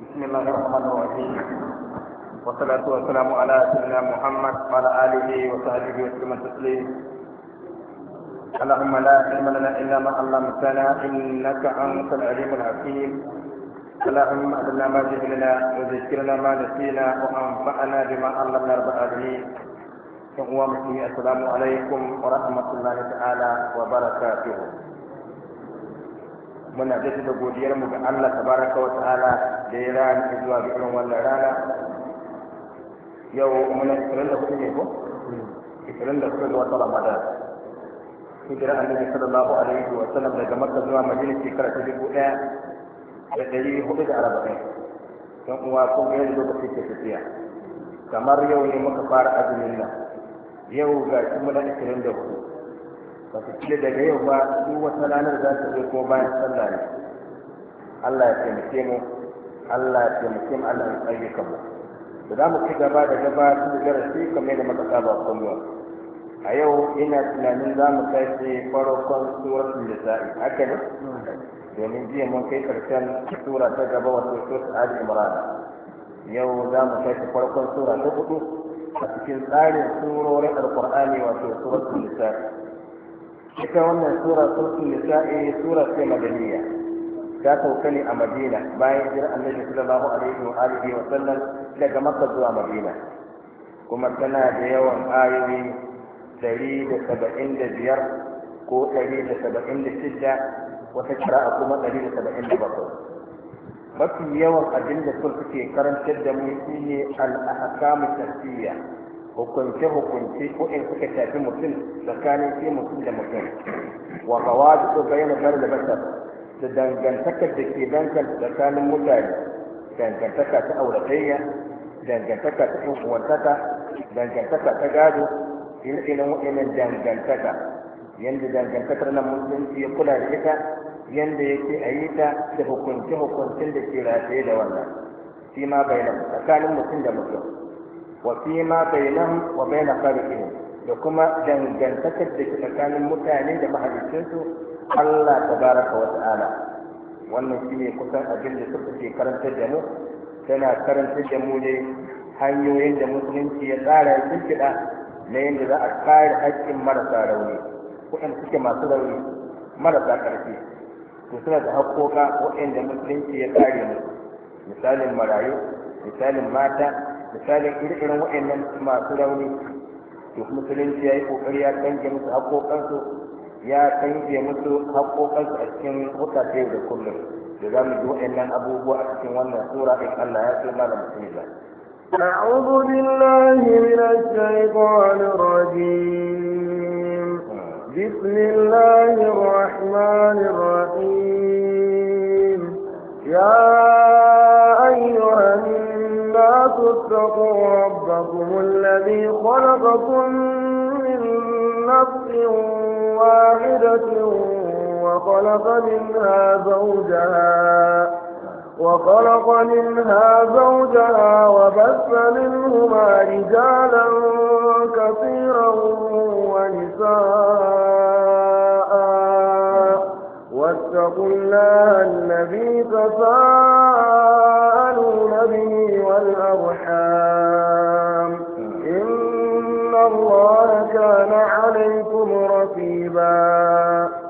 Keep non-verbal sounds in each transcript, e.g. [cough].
بسم الله الرحمن الرحيم والصلاة والسلام على سيدنا محمد وعلى آله وصحبه وسلم تسليم اللهم لا علم لنا إلا ما علمتنا إنك أنت العليم الحكيم اللهم علمنا ما جهلنا وذكرنا ما نسينا وأنفعنا بما علمنا رب العالمين السلام عليكم ورحمة الله تعالى وبركاته من أجل godiyar تبارك وتعالى da ya rana zuwa ga irin wannan rana yau muna da ne ko kuke ga wata ramadan hijira annabi sallallahu alaihi wa sallam daga makka zuwa madina shekara ta dubu ɗaya da ɗari hudu da arba'in don uwa kun ga yadda lokaci ke tafiya kamar yau ne muka fara azumin nan yau ga shi muna ku. ba su cire daga yau ba duk wata ranar za ta zo kuma bayan sallah ne Allah ya taimake mu Allah ya taimake mu Allah ya tsayyaka mu da za mu ci gaba da gaba da darasi kamar da muka saba kullum a yau ina tunanin za mu tashi farkon suratul nisa'i haka ne domin jiya mun kai karshen tsura ta gaba wato suratul ali imran yau za mu tashi farkon sura ta hudu a cikin tsarin surorin alqur'ani wato suratul nisa'i ita wannan sura suratul nisa'i sura ce madaniya ta sauka a madina bayan jira annabi sallallahu alaihi wa alihi wa sallam daga makka zuwa madina kuma tana da yawan ayoyi dari da saba'in da biyar ko dari da saba'in da shidda wata kira'a kuma dari da saba'in da bakwai mafi yawan abin da sun suke karantar da mu shi ne al'ahakamu tafiya hukunce hukunce ko in suka shafi mutum tsakanin shi mutum da mutum wa kawai su bayyana bar da basar da dangantakar da ke danganta tsakanin mutane dangantaka ta auratayya dangantaka ta uwantaka dangantaka ta gado ire-iren waɗannan dangantaka yadda dangantakar nan musulunci ya kula da ita yadda yake a yi ta da hukunce-hukuncin da ke rataye da wannan fi ma bayanan tsakanin mutum da mutum wa fi ma nan wa bayanan fari'in da kuma dangantakar da ke tsakanin mutane da mahalicinsu Allah tabaraka wa ta'ala wannan shine kusan abin da suka ce karantar da mu tana karantar da mu ne hanyoyin da musulunci ya tsara ya kinkida na yadda za a kare haƙƙin marasa rauni waɗanda suke masu rauni marasa ƙarfi to suna da haƙƙoƙa waɗanda musulunci ya kare mu misalin marayu misalin mata misalin irin waɗannan masu rauni to musulunci ya yi ƙoƙari ya canje musu haƙƙoƙansu ya kanke musu haƙoƙansu a cikin hukatai da kullum da za mu ji waɗannan abubuwa a cikin wannan sura in Allah ya so malam bismillah أعوذ بالله من الشيطان الرجيم بسم الله الرحمن الرحيم يا أيها الناس اتقوا ربكم الذي خلقكم نفس واحدة وخلق منها زوجها وخلق منها زوجها وبث منهما رجالا كثيرا ونساء واتقوا الله الذي تساءلون به والأرحام الله كان عليكم رقيبا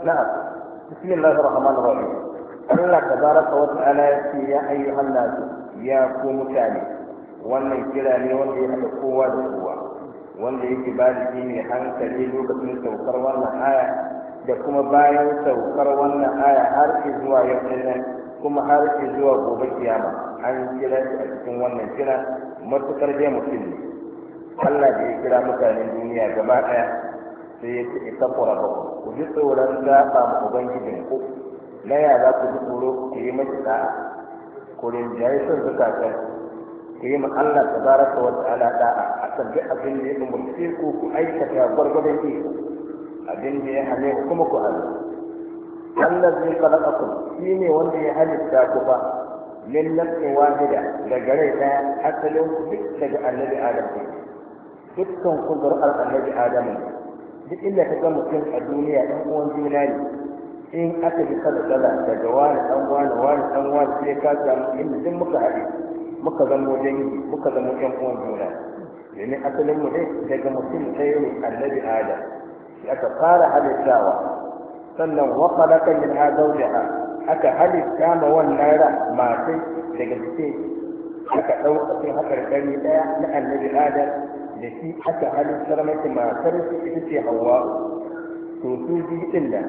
نعم بسم الله الرحمن الرحيم الله تبارك وتعالى يا أيها الناس يا قوم تاني wannan kira ne wanda ya haɗa kowa da kowa wanda yake ba da shi ne hankali lokacin saukar wannan aya da kuma bayan saukar wannan aya har zuwa yau nan kuma har zuwa gobe kiyama an wannan kira matukar dai ne Allah da ya kira mutanen duniya gaba ɗaya sai ya ce ita ba ku ji tsoron zaɓa ma ubangijin ku na ya za ku ji tsoro ku yi mashi ɗa'a ku rinjaye son zukatan ku yi ma Allah ta ta wata ala ɗa'a a kan duk abin da ya umarce ku ku aikata gwargwadon ku. abin da ya hane ku kuma ku hannu Allah zai kalaka ku shi ne wanda ya halitta ku ba min nafsin wahida daga rai ɗaya asalin ku duk daga annabi Adam ne dukkan ku zuri'ar annabi adamu duk inda ka ga mutum a duniya ɗan uwan juna ne in aka bi kada kada daga wani ɗan wani wani ɗan wani sai ka samu inda duk muka haɗe muka zamo dangi muka zamo ƴan uwan juna domin asalin mu ne daga mutum ɗaya ne annabi adam aka fara halittawa sannan wakalaka min ha zaujaha aka halitta ma wannan ra matai daga jikin aka ɗauka sun haƙarƙari ɗaya na annabi adam da shi aka halittar maki matar su ita ce hawa to su biyu din da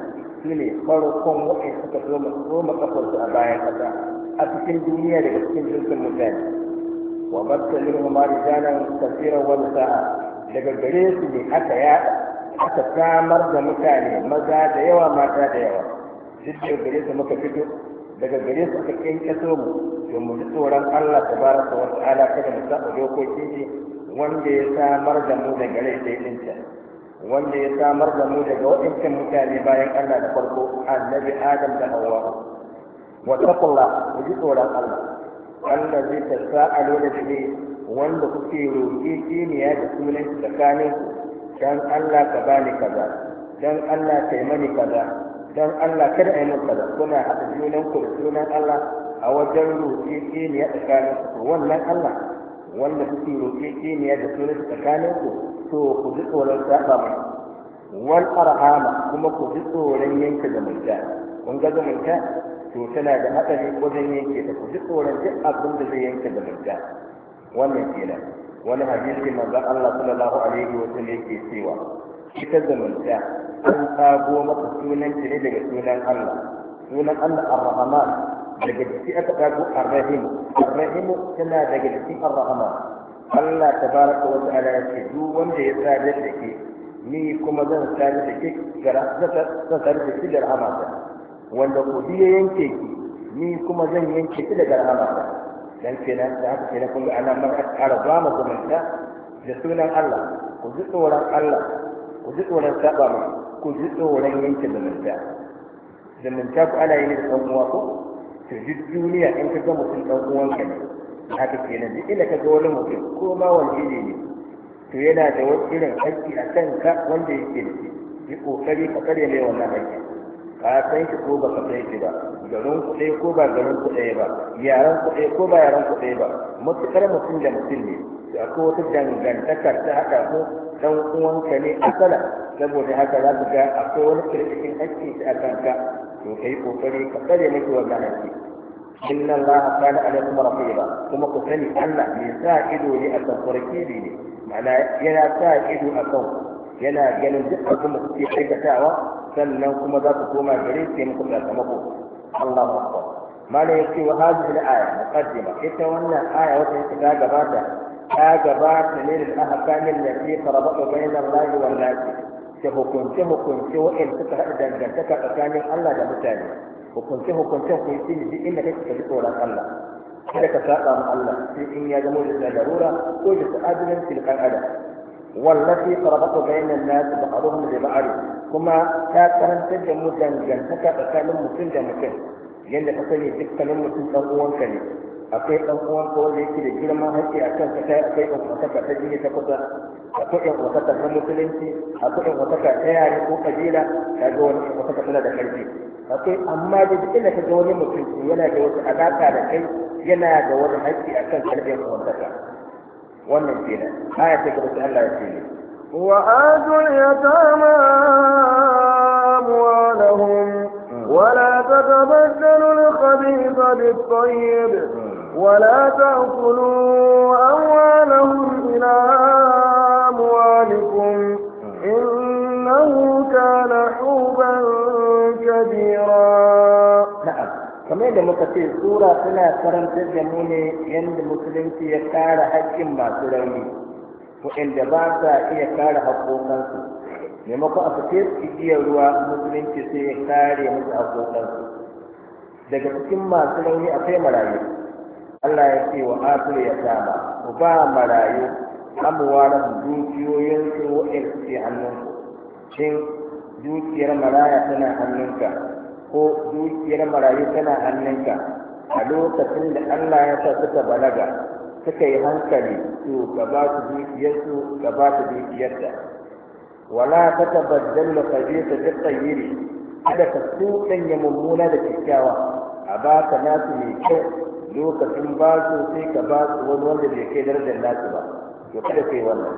su ne farkon waɗanda suka tsoma kafarsu a bayan kasa a cikin duniya daga cikin jinsin mutane wa batsalin umar rijalan kafira wani sa'a daga gare su ne aka yaɗa aka samar da mutane maza da yawa mata da yawa duk da gare su muka fito daga gare su aka kyankyaso mu to mu ji tsoron Allah tabaraka wa ala kada mu saba dokokin shi wanda ya samar da mu daga rai daidaita wanda ya samar da mu daga waɗancan mutane bayan Allah da farko annabi Adam da Hawwa wa taqullah ku ji tsoron Allah Allah zai da shi wanda kuke roƙe kimiya da sunan tsakanin dan Allah ka bani kaza dan Allah kai mani kaza dan Allah kada ai mun kaza kuna haɗa junan ku da sunan Allah a wajen roƙe kimiya tsakanin wannan Allah wanda kuke roƙeƙeniya da sunan tsakanin ku to ku ji tsoron saba mai wal arhama kuma ku ji tsoron yanke zumunta kun ga zumunta to tana da haɗari wajen yanke da ku ji tsoron duk abin da zai yanke zumunta wannan kenan wani hadisi manzon Allah sallallahu alaihi wa sallam yake cewa ita zumunta an tsago maka sunan ne daga sunan Allah sunan Allah ar-Rahman daga ciki aka dago arrahimu arrahimu tana daga ciki arrahama Allah tabaraka wa ta'ala ya ce duk wanda ya sadar da ke ni kuma zan sadar da ke sadar da ke da rahama ta wanda ku ya yanke ki ni kuma zan yanke ki daga rahama ta dan kenan da haka kenan kun ga ana mar arzama zamanta da sunan Allah ku ji tsoron Allah ku ji tsoron saba ku ji tsoron yanke zamanta zamanta ku ana yin da ɗan uwa ko to duk duniya in ka ga mutum dan uwanka ne haka kenan duk inda ka ga wani mutum ko ma wani ne ne to yana da wani irin haƙƙi a ka wanda yake da shi yi ƙoƙari ka karya mai wannan haƙƙi ka san shi ko ba ka san shi ba garin kuɗe ko ba garin kuɗe ba yaran kuɗe ko ba yaran kuɗe ba matuƙar mutum da mutum ne to akwai wata dangantakar ta haɗa ko ɗan uwanka ne asala saboda haka za ka ga akwai wani kirkirin haƙƙi a kanka to kai kokari ka tsare miki wannan haƙƙi inna allaha kana alaikum raqiba kuma ku sani Allah mai sa ido ne akan farkibi ne ma'ana yana sa ido akan yana ganin duk abin da kuke aikatawa sannan kuma za ku koma gare sai muku sakamako Allahu akbar malam yake wa hadhihi al-aya muqaddima ita wannan aya wata ta gabata ta gabata ne da ahkamin da ke rabata bainal lahi wal nasi da hukunce-hukunce waɗanda suka haɗa dangantaka tsakanin Allah da mutane hukunce hukunce ku yi ne duk inda kake ji tsoron Allah kada ka saba ma Allah sai in ya zama da darura ko da ta'adilin tilkan adam wallafi qarabatu an nas ba'dhum li ba'd kuma ta karanta da mu dangantaka tsakanin mutum da mutum yanda ka sani dukkanin mutum ɗan uwanka ne akwai ɗan uwanka wanda yake da girman haƙƙi a kanka kai akwai ɗan uwanka ta jini ta kusa akwai yan wasaka na musulunci akwai yan wasaka ta yare ko kabila ka ga wani yan wasaka tana da karfi akwai amma da duk inda ka ga wani mutum yana da wata alaka da kai yana da wani haƙƙi akan karfin wasaka wannan kenan aya ta gaba sai Allah ya ce ne وآتوا اليتامى أموالهم ولا تتبدلوا الخبيث بالطيب ولا تأكلوا أموالهم إلى ذلكم إنه كان حوبا كبيرا نعم kamar yadda muka ce tsura suna karantar da mu ne yadda musulunci ya kare haƙƙin masu rauni waɗanda ba sa iya kare haƙoƙansu maimakon a fice ruwa musulunci sai ya daga cikin masu rauni akwai marayu Allah ya ce wa ya sama ku ba marayu amwaran dukiyoyinsu waɗanda hannun hannunku shin dukiyar maraya tana hannunka ko dukiyar marayu tana hannunka a lokacin da Allah ya sa suka balaga suka yi hankali su ka ba su dukiyarsu ka ba su dukiyarta wala ta tabbatar da kaje ta yiri kada ka ya mummuna da kyakkyawa a ba ka nasu mai kyau lokacin ba su sai ka ba su wani wanda bai kai darajar nasu ba ya kada kai wannan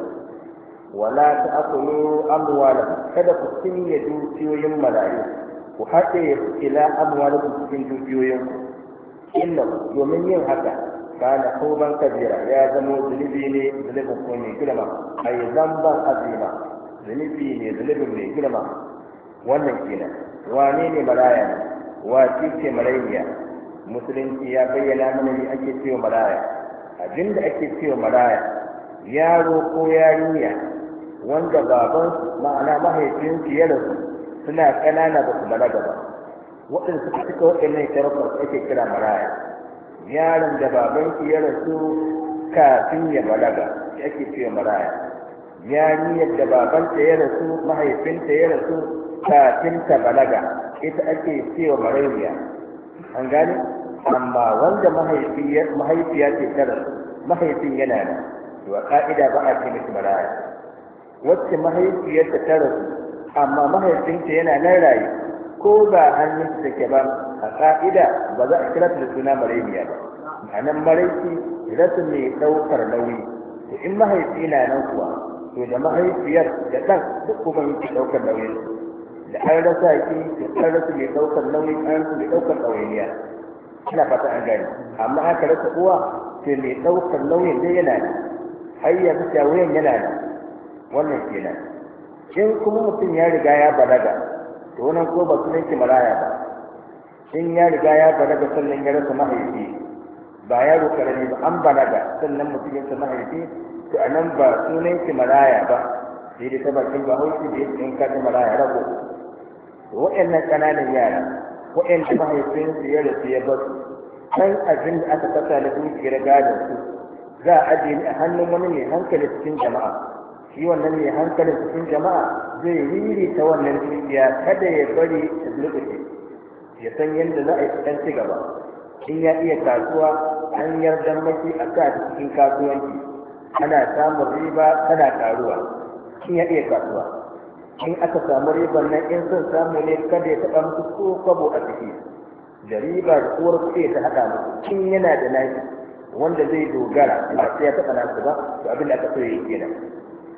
wala ta akulu amwala kada ku cinye dukiyoyin marayu ku haɗe ila amwala ku cikin dukiyoyin ku inna domin yin haka kana tauban kabira ya zamo zunubi ne zunubin ko mai girma ai zamban azima zunubi ne zunubin mai girma wannan kenan wane ne maraya ne wace ce marayya musulunci ya bayyana mana ne ake cewa malaya. abinda ake cewa malaya. yaro ko yarinya wanda baban ma'ana mahaifin ya rasu suna kanana ba su balaga ba waɗanda suka cika waɗannan sharafar ake kira maraya yaron da baban su ya rasu kafin ya balaga shi ake cewa maraya yarinyar da babanta ya rasu mahaifinta ya rasu kafin ta balaga ita ake cewa marayya an gane amma wanda mahaifiya ce tara mahaifin yana nan to a ka'ida ba a ce miki maraya wacce mahaifiyarta ta rasu amma mahaifinta yana nan rayu. ko ba hannunta take ba a ka'ida ba za a kira ta da suna maraimiya ba ma'anan maraiki rasu mai ɗaukar nauyi to in mahaifi na nan kuwa to da mahaifiyar da ɗan duk kuma yake ɗaukar nauyin da an rasa ki da an rasa mai ɗaukar nauyi an rasa mai ɗaukar ɗawainiya ina fata an gani amma aka rasa uwa sai mai ɗaukar nauyin dai yana ne har ya fi wuyan yana da wannan kenan in kuma mutum ya riga ya balaga to wannan ko ba sunan ki maraya ba in ya riga ya balaga sannan ya rasa mahaifi ba yaro karami ba an balaga sannan mutum ya rasa mahaifi to a nan ba sunan ki maraya ba sai dai ta ba hauki da yake in ka ta maraya rago to waɗannan ƙananan yara waɗanda mahaifinsu ya rasu ya basu kan abin da aka kasa da dukiyar su za a ajiye a hannun wani mai hankali cikin jama'a shi wannan mai hankali cikin jama'a zai riri ta wannan dukiya kada ya bari ta lukuce ya san yadda za a yi ɗan ci gaba in ya iya kasuwa an yarda a sa cikin kasuwanci ana samun riba tana karuwa in ya iya kasuwa in aka samu ribar nan in son samu ne kada ya taɓa musu ko kwabo a ciki da ribar da uwar kuɗi ta haɗa musu in yana da nashi wanda zai dogara ba sai ya taɓa nasu ba to abin da aka so ya yi kenan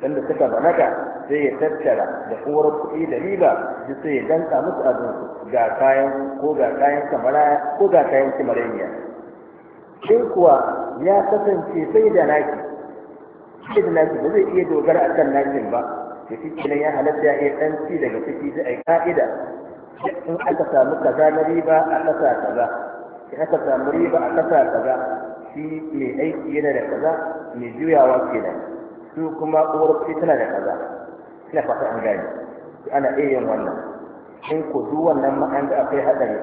wanda suka balaga sai ya tattara da uwar kuɗi da riba duk sai ya danka musu abin ga kayan ko ga kayan kamara ko ga kayan kimaraniya shin kuwa ya kasance sai da naki sai da naki ba zai iya dogara a kan nakin ba da shi kenan ya halatta ya iya ɗan ci daga ciki da yi ka'ida in aka samu kaza na riba a ƙasa kaza in aka samu riba a ƙasa kaza shi mai aiki yana da kaza mai juyawa kenan su kuma uwar kuɗi tana da kaza ina fata an gane ana iya yin wannan in ko duk wannan ma akwai haɗari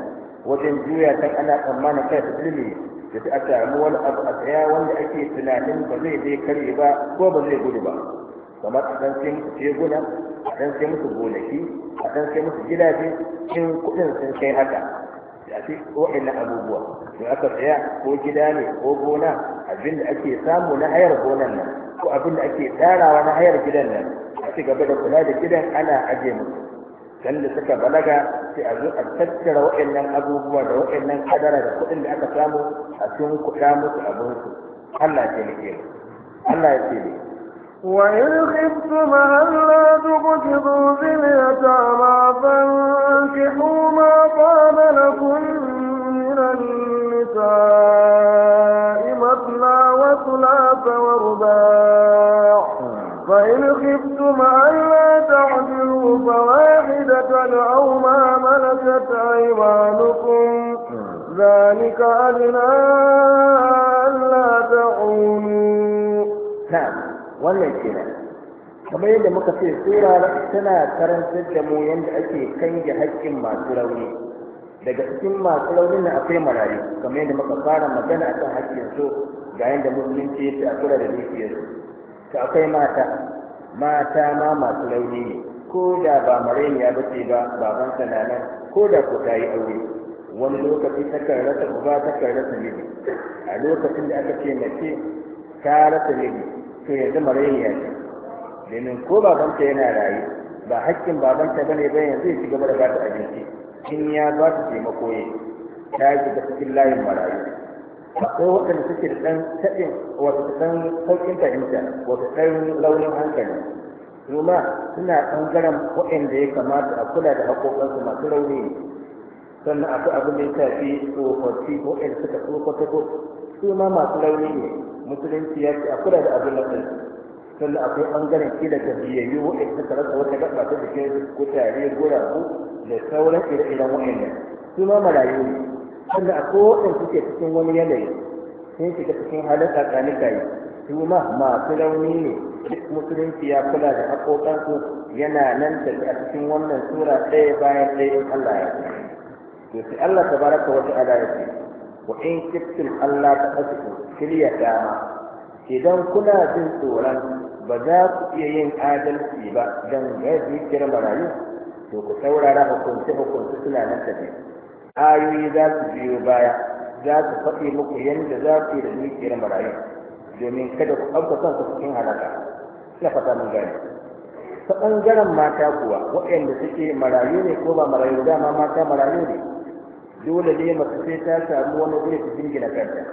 wajen juya kan ana tsammanin kai su ilimi da su a samu wani abu a tsaya wanda ake tunanin ba zai je karye ba ko ba zai gudu ba kamar a ɗan sai musu teguna a ɗan sai musu gonaki a ɗan sai musu gidaje in kuɗin sun kai haka da ake wa'annan abubuwa in aka tsaya ko gida ne ko gona abin da ake samu na hayar gonan nan ko abin da ake tsarawa na hayar gidan nan a ci gaba da kula da gidan ana aje musu sanda suka balaga sai a zo a tattara wa'annan abubuwa da wa'annan kadara da kuɗin da aka samu a cikin kuɗa musu abinsu Allah ya taimake mu Allah ya taimake وإن خفتم ألا تقسطوا في اليتامى فانكحوا ما طاب لكم من النساء مثنى وثلاث ورباع فإن خفتم ألا تعدلوا فواحدة أو ما ملكت أيمانكم ذلك أدنى ألا تعونوا نعم. wannan kenan kamar yadda muka ce sura tana karantar da mu yadda ake kange haƙƙin masu rauni daga cikin masu raunin na akwai marayu kamar yadda muka fara magana akan haƙƙin su ga yadda musulunci fi a kula da dukiyar su akwai mata mata ma masu rauni ne ko da ba mareniya ba ce ba baban nan. ko da ko ta yi aure wani lokaci ta rasa uba ta rasa miji a lokacin da aka ce mace ta rasa miji to yanzu marayya ce domin ko babanta yana raye ba hakkin babanta bane ba bayan zai ci gaba da ta abinci in ya ba ta taimako ya ta shiga cikin layin marayu akwai waɗanda suke da ɗan taɗin wato ɗan sauƙin fahimta wato ɗan launin hankali kuma suna ɓangaren waɗanda ya kamata a kula da haƙoƙansu masu rauni sannan akwai abin da ya tafi tsofaffi waɗanda suka tsofaffi su ma masu rauni ne musulunci ya ce a kula da abin nan sannan akwai bangaren ki da biyayyu waɗanda suka rasa wata gaba ta jikin ko tare guragu da sauran ire-iren waɗannan su ma marayu ne sannan akwai waɗanda suke cikin wani yanayi sun shiga cikin halin tsakanin kayi su ma masu rauni ne duk musulunci ya kula da haƙoƙansu yana nan da a cikin wannan sura ɗaya bayan ɗaya in Allah ya ce. To sai Allah ta wa ta'ala ya ce wa in kiftin Allah ta asiku shirya dama idan kuna jin tsoron ba za ku iya yin adalci ba don gaji kira marayu to ku saurara hukunci hukunci suna nan tafi ayoyi za su biyo baya za su faɗi muku yadda za ku yi da dukiyar marayu domin kada ku ɗauka kanku cikin halaka na fata mun gani ta ɓangaren mata kuwa waɗanda suke marayu ne ko ba marayu dama mata marayu ne dole ne Masu sai ta samu wani gure su jingina kanta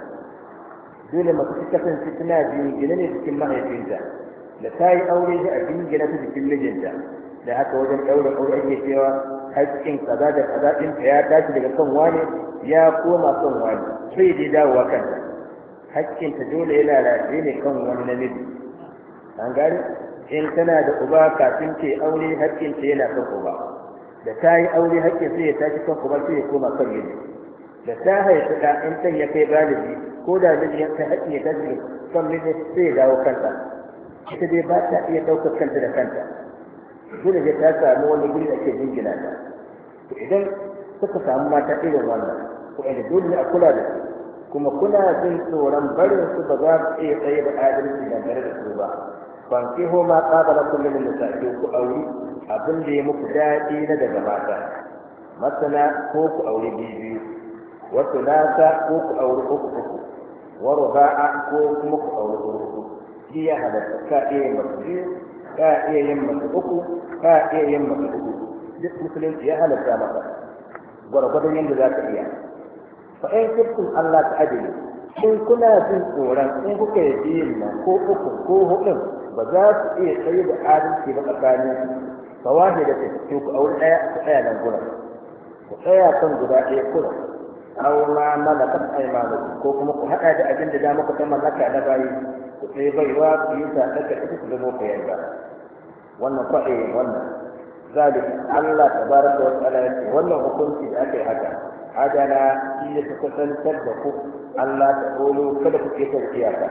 dole mace ta su tana jingina ne cikin mahaifinta da ta yi aure da a jingina ta cikin mijinta da haka wajen ɗaura aure ake cewa haƙƙin kaza da kaza ɗinta ya tashi daga kan wani ya koma kan wani sai dai dawowa kanta haƙƙinta dole yana rataye ne kan wani namiji an gane in tana da uba kafin ke aure haƙƙinta yana kan uba da ta yi aure hakkin sai ya tashi kan kuma sai ya koma kan miji da ta haifi ɗa in ɗan ya kai galibi ko da miji ya kai hakkin ya tashi kan miji sai ya dawo kanta ita dai ba ta iya ɗaukar kanta da kanta dole da ta samu wani guri da ke jingina ta idan suka samu mata irin wannan ko da dole ne a kula da su kuma kuna jin tsoron barin su ba za su iya tsaye da adalci dangane da su ba ban kiho ma tsaba na kullum da ku auri abin da ya muku daɗi na daga mata masana ko ku aure biyu wasu nasa ko ku aure uku uku wa ruba'a ko kuma ku aure uku shi ya halatta ka iya yin masu biyu ka iya yin masu uku ka iya yin masu uku duk musulunci ya halatta maka gwargwadon yadda za ka iya fa in kuntum Allah ta ajiye in kuna jin tsoron in kuka yi biyun nan ko uku ko hudun ba za su iya tsaye da adalci ba tsakanin fawahi da ke ku aure ɗaya ku tsaya nan gurin ku tsaya kan guda ɗaya kurin aula malakat aymanu ko kuma ku haɗa da abin da da muka san mallaka na bayi ku sai baiwa ku yi ta daga ita ku zama ku yarda wannan faɗe wannan zalik Allah tabaraka wa ta'ala yake wannan hukunci da ake yi haka adana shi ya ta kusantar da ku Allah ta ƙolo kada ku keta ka.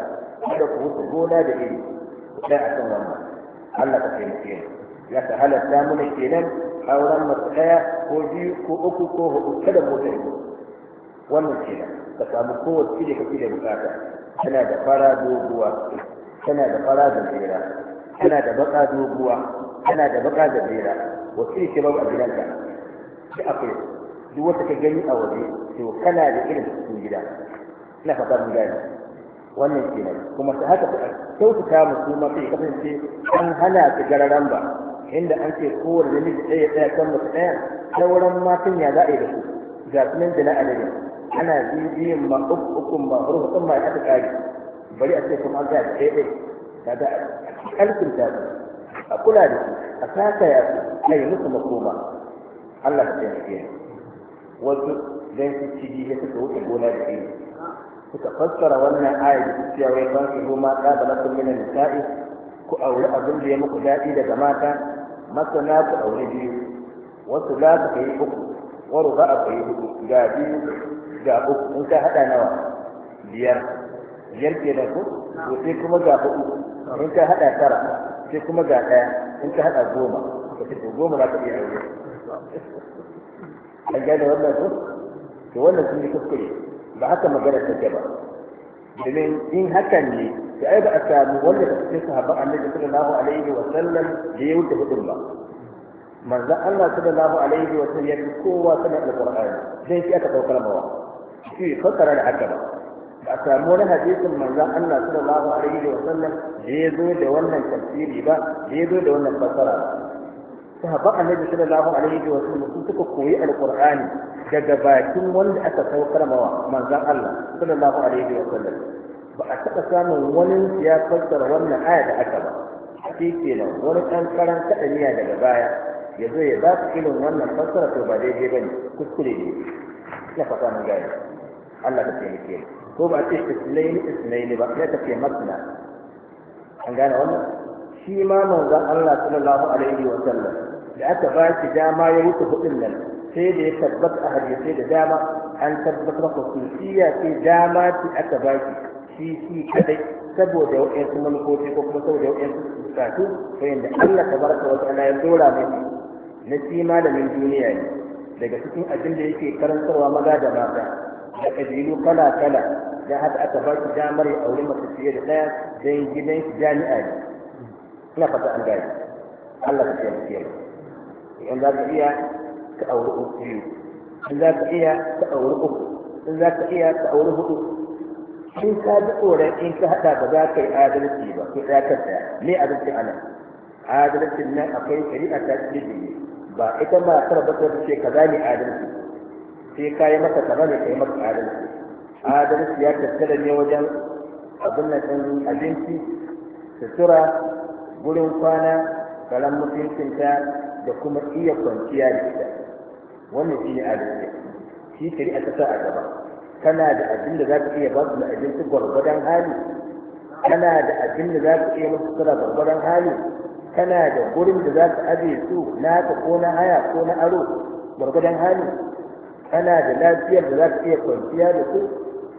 kada ku wuce gona da iri ku tsaya akan wannan Allah ka taimake mu ya ta halatta mana kenan auren masu ɗaya ko biyu ko uku ko hudu kada mota ne wannan kenan ka samu kowace da kake da bukata tana da fara doguwa tana da fara da jera tana da baka doguwa tana da baka da jera wace ce babu a gidanka shi akwai duk wata ka gani a waje to kana da irin cikin gida ina fata mun gane wannan kenan kuma ta haka kyautata musu ma sai kasance an hana ta gararan ba inda an ce kowane namiji ɗaya ɗaya kan mutu ɗaya sauran matan ya za a yi da su ga su nan da na adadi ana bibiyin ma uku uku ma hurhu ɗin ma ya ƙari bari a ce kuma an ga ɗaya ɗaya kaga a ƙarfin ta su a kula da su a saka ya su a yi musu makoma Allah ta taimake mu wasu dan su ciji ya suka wuce gona da ɗaya suka fassara wannan ayar da cewa wai ban su goma ƙabalakun minan nisa'i ku auri abin da ya muku daɗi daga mata masana ku aure biyu wasu za ka kai uku waru ba a kai hudu ga biyu ga uku in ka haɗa nawa biyar biyar ke da ku to sai kuma ga uku in ka haɗa tara sai kuma ga ɗaya in ka haɗa goma ka ce goma za ka iya aure [laughs] an gane wannan ku to wannan sun yi kuskure ba haka magana take ba domin in hakan ne da ai ba a samu wanda da cikin sahabban annabi sallallahu alaihi wa sallam da ya wuce hudun ba manzo Allah sallallahu alaihi wa sallam ya kowa sana alqur'ani sai shi aka daukar mawa shi fassara da aka ba ba a samu wani hadisin manzo Allah sallallahu alaihi wa sallam da ya zo da wannan tafsiri ba da ya zo da wannan fassara sahabban annabi sallallahu alaihi wa sallam sun suka koyi alqur'ani daga bakin wanda aka saukar mawa manzon Allah sallallahu alaihi wa sallam ba a taɓa samun wani ya fassara wannan aya da aka ba shi kenan wani ɗan karan kaɗaniya daga baya ya zo ya ba su irin wannan fassara to ba daidai ba ne kuskure ne ya fata mun gane Allah ka taimake ni ko ba a ce islaini islaini ba ya tafiye masna an gane wannan shi ma manzon Allah sallallahu alaihi wa sallam da aka ba shi dama ya wuce hudun nan sai da ya tabbata a hadisai da dama an tabbatar da kusurciya sai dama ce aka ba shi sisi kadai saboda wa'yansu manufofi ko kuma saboda wa'yansu bukatu ko yadda Allah ta baraka wata ana ya dora mai na shi malamin duniya ne daga cikin abin da yake karantarwa maza da mata da ƙabilu kala kala da haka aka ba shi damar ya auri mace fiye da ɗaya don gidan jami'a ne ina fata an gani Allah ka taimake mu in za ka iya ka auri uku in za ka iya ka auri uku in za ka iya ka auri hudu in ka ji tsoron in ka haɗa ba za ka yi adalci ba ko ya kan ɗaya me adalci a nan adalcin nan akwai shari'a ta cikin ba ita ma tara ba ta ce kaza ne adalci sai ka yi maka kaza ne ka yi maka adalci adalci ya tattara ne wajen abin nan ɗin abinci sutura gurin kwana kalan mutuncinta da kuma iya kwanciya da ita wannan shi ne adalci shi shari'a ta sa a gaba kana da abin da za ka iya ba su na abinci gwargwadon hali kana da abin da za ka iya su da gwargwadon hali kana da gurin da za ka ajiye su ka ko na haya ko na aro gwargwadon hali kana da lafiyar da za ka iya kwanciya da su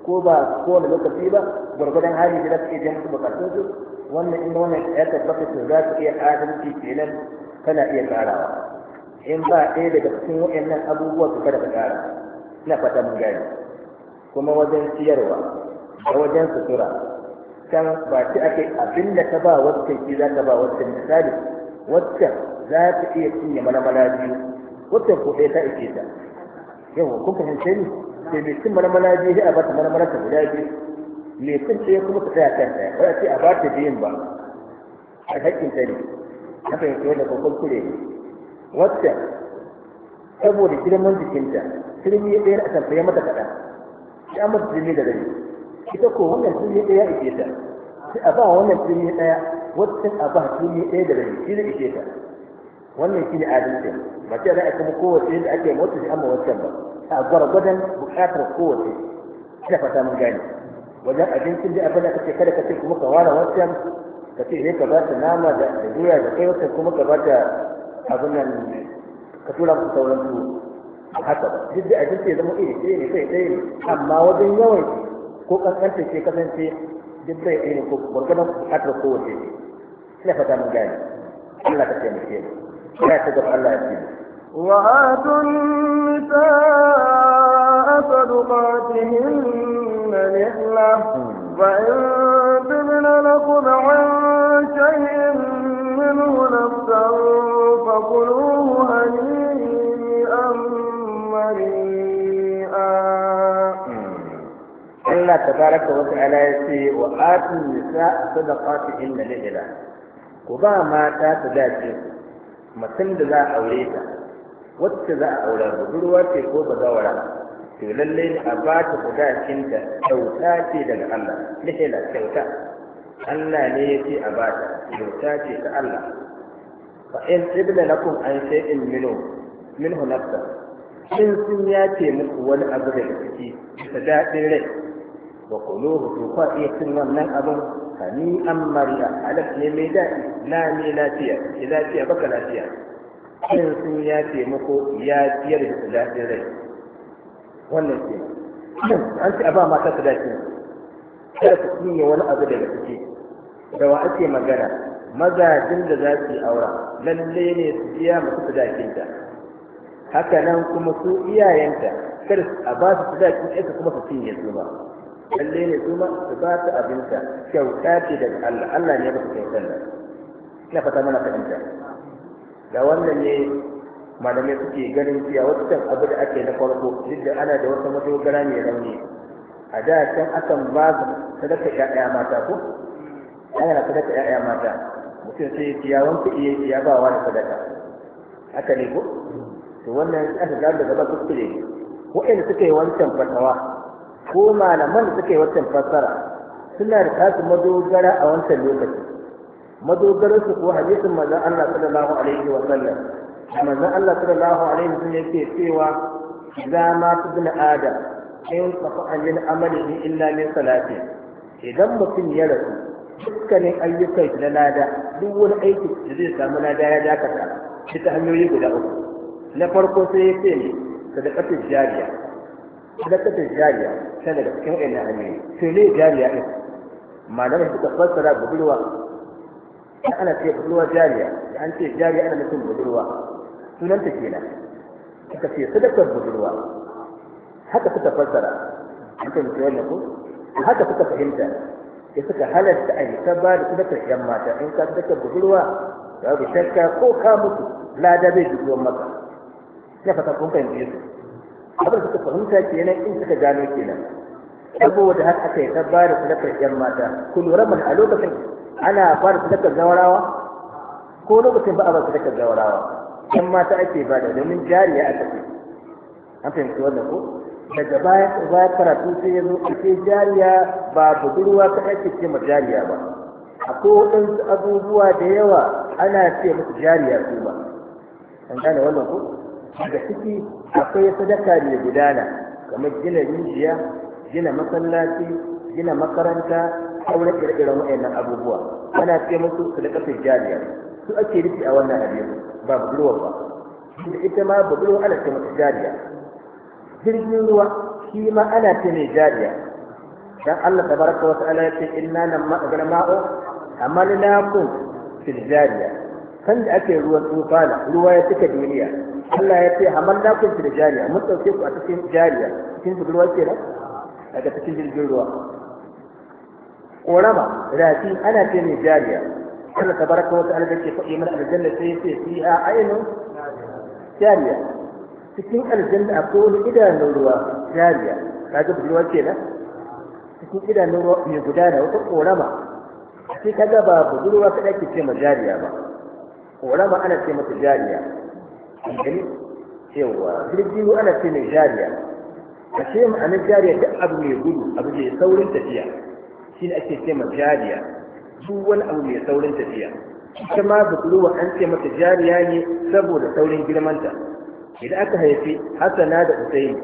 ko ba kowane lokaci ba gwargwadon hali da za ka iya jan su bukatun su wannan in wannan ya tabbata to za ka iya adalci kenan kana iya karawa in ba ɗaya daga cikin waɗannan abubuwa su kada ka kara ina fata mun gani kuma wajen siyarwa da wajen sutura can ba ci ake abin da ka ba wacce ki za ka ba wacce misali wacce za ta iya cinye malamala biyu wacce ko ta ake ta ko kun fahimce ni sai mai cin malamala biyu sai a bata malamala ta guda biyu mai cin ce kuma ta tsaya kan ta ba ce a ba ta biyun ba a haƙƙin ta ne na fahimci wanda kokon kure ne wacce saboda girman jikinta sirmi ya ɗaya na asamfa mata kaɗan ya mutu da gani ita ko wannan jini ɗaya ike ta sai a ba wannan jini ɗaya wacce a ba jini ɗaya da gani shi ne ike ta wannan shi ne adalci ba ce za a kuma kowace da ake mota shi amma wancan ba a gwargwadon buƙatar kowace ina fata mun gane wajen abincin da abin da kake kada ka ce kuma ka ware wancan ka ce ne ka ba ta nama da doya da kai wancan kuma ka ba ta abin nan ka tura musu sauran tuwo haka ba duk da abinci ya zama iri ɗaya ne sai ɗaya ne amma wajen yawan ko kankanta ce kasance duk sai ɗaya ne ko gwargwadon buƙatar kowace ne ina fata mun gane Allah ka taimake mu ya ta gaba Allah ya ce وآتوا النساء صدقاتهن نحلة فإن تبن لكم عن شيء منه نفسا فكلوه Allah tabaraka wa ta'ala ya ce wa atu nisa sadaqati inna lillah ku ba mata ta dace mutum da za a aure ta wacce za a aure budurwa ce ko bazawara to lalle a ba ta bukacinta kyauta ce daga Allah lihila kyauta Allah ne ya ce a ba ta kyauta ce ta Allah fa in ibla lakum an shay'in minhu minhu nafsa in sun ce muku wani abu daga ciki ta daɗin rai wa kuluhu to kwa iya cin wannan abin hani an mariya halak mai daɗi na ne lafiya ki lafiya baka lafiya cin sun ya taimako ya fiyar da daɗin rai wannan ke an ce a mata su daɗi kada ku cinye wani abu daga ciki da wa ake magana mazajin da za su yi aura lalle ne su biya masu sadakinta haka nan kuma su iyayenta kada a ba su sadakin ita kuma su cinye su ba lalle ne kuma su ba ta abinta kyauta ce daga Allah Allah ne ba su kai nan ina fata mana fahimta da wannan ne malamai suke ganin cewa wasu can abu da ake na farko duk da ana da wata madogara mai rauni a da can akan ba su sadaka ƴaƴa mata ko ana sadaka ƴaƴa mata mutum sai ya ciya wanka iya ciya ba wani da sadaka haka ne ko to wannan aka gano daga ba kuskure in suka yi wancan fatawa ko malaman da suka yi wancan fassara suna da tasu madogara a wancan lokaci su ko hadisin manzon Allah sallallahu alaihi wa sallam manzon Allah sallallahu alaihi wa sallam yake cewa idan ma bin adam in fa ajin amalihi illa min salati idan mutum ya rasu dukkanin ayyukan na lada duk wani aiki da zai samu lada ya dakata shi ta hanyoyi guda uku na farko sai ya ce ne sadaqatul jariya sadaqatul jariya sai daga cikin wa'annan hanyoyi sai ne jariya ɗin malamai suka fassara budurwa in ana ce budurwa jariya da an ce jariya ana nufin budurwa sunanta kenan suka ce sadakar budurwa haka suka fassara an ce mutu wannan ko haka suka fahimta ya suka halarta a yi ta ba da sadakar yan mata in ka sadakar budurwa babu shakka ko ka mutu lada zai dubuwan maka na fata kun fahimce su abin suka fahimta kenan in suka gano kenan saboda har aka yi ta ba da sadakar yan mata ku lura mana a lokacin ana ba da sadakar zawarawa ko lokacin ba a ba sadakar gawarawa. yan mata ake ba da domin jariya aka ce an fahimci wannan ko daga baya baya karatu sai ya zo ce jariya ba budurwa ta ake ce ma jariya ba akwai waɗansu abubuwa da yawa ana ce musu jariya su ba an gane wannan ko daga ciki akwai sadaka mai gudana kamar gina rijiya gina masallaci gina makaranta sauran ire-iren waɗannan abubuwa ana ce musu sadakatul jariya su ake nufi a wannan abin ba budurwa ba da ita ma budurwa ana ce mata jariya jirgin ruwa shi ma ana ce mai jariya dan Allah tabaraka wa ta'ala ya ce inna nan ma ma'u amalnakum fil jariya kan da ake ruwan tsufana ruwa ya cika duniya Allah ya ce hamalna kun fil jariya mun dauke ku a cikin jariya cikin jirgin ke da daga cikin jirgin ruwa korama rafi ana ce ne jariya Allah tabaraka wa ta'ala yake faɗi mana aljanna sai ce fi a aynun jariya cikin aljanna akwai wani idanun ruwa jariya kaga budurwa da cikin idanun ruwa mai gudana wata korama sai kaga ba budurwa kada ke ce ma jariya ba korama ana ce mata jariya gani cewa jirgi ana ce mai jariya a ce ma'anar jariya duk abu mai gudu abu mai saurin tafiya shi ne ake ce ma jariya Su wani abu mai saurin tafiya ita ma budurwa an ce mata jariya ne saboda saurin girmanta idan aka haifi hasana da usaini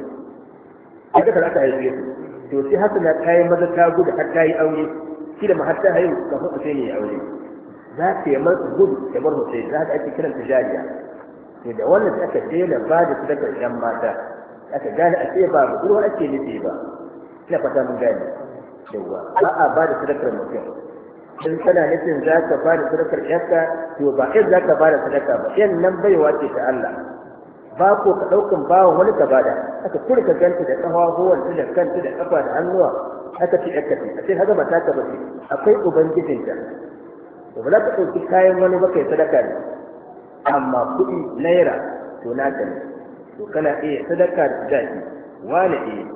aka kar aka haifi su to sai hasana ta yi maza ta gudu har ta yi aure shi da har ta haihu kafin usaini ya aure za ta yi gudu ya bar usaini za ta ake ta jariya sai da wannan da aka daina ba da sadakar ƴan mata aka gane a ce ba budurwa ake nufi ba ina fata mun gane yawa ba a ba da sadakar mutum in kana nufin za ka ba da sadakar ƴarka to ba in za ka ba da sadaka ba yan nan baiwa ce ta Allah ba ko ka ɗaukan bawan wani ka bada aka kuri ka ganta da ƙafafuwan da kanta da ƙafa da hannuwa aka ce yanka ce a ce haka ba ta ka ba ce akwai ubangijinta ba za ka ɗauki kayan wani ba kai sadaka ne amma kuɗi naira to na ne to kana iya sadaka da daki wani iya eh?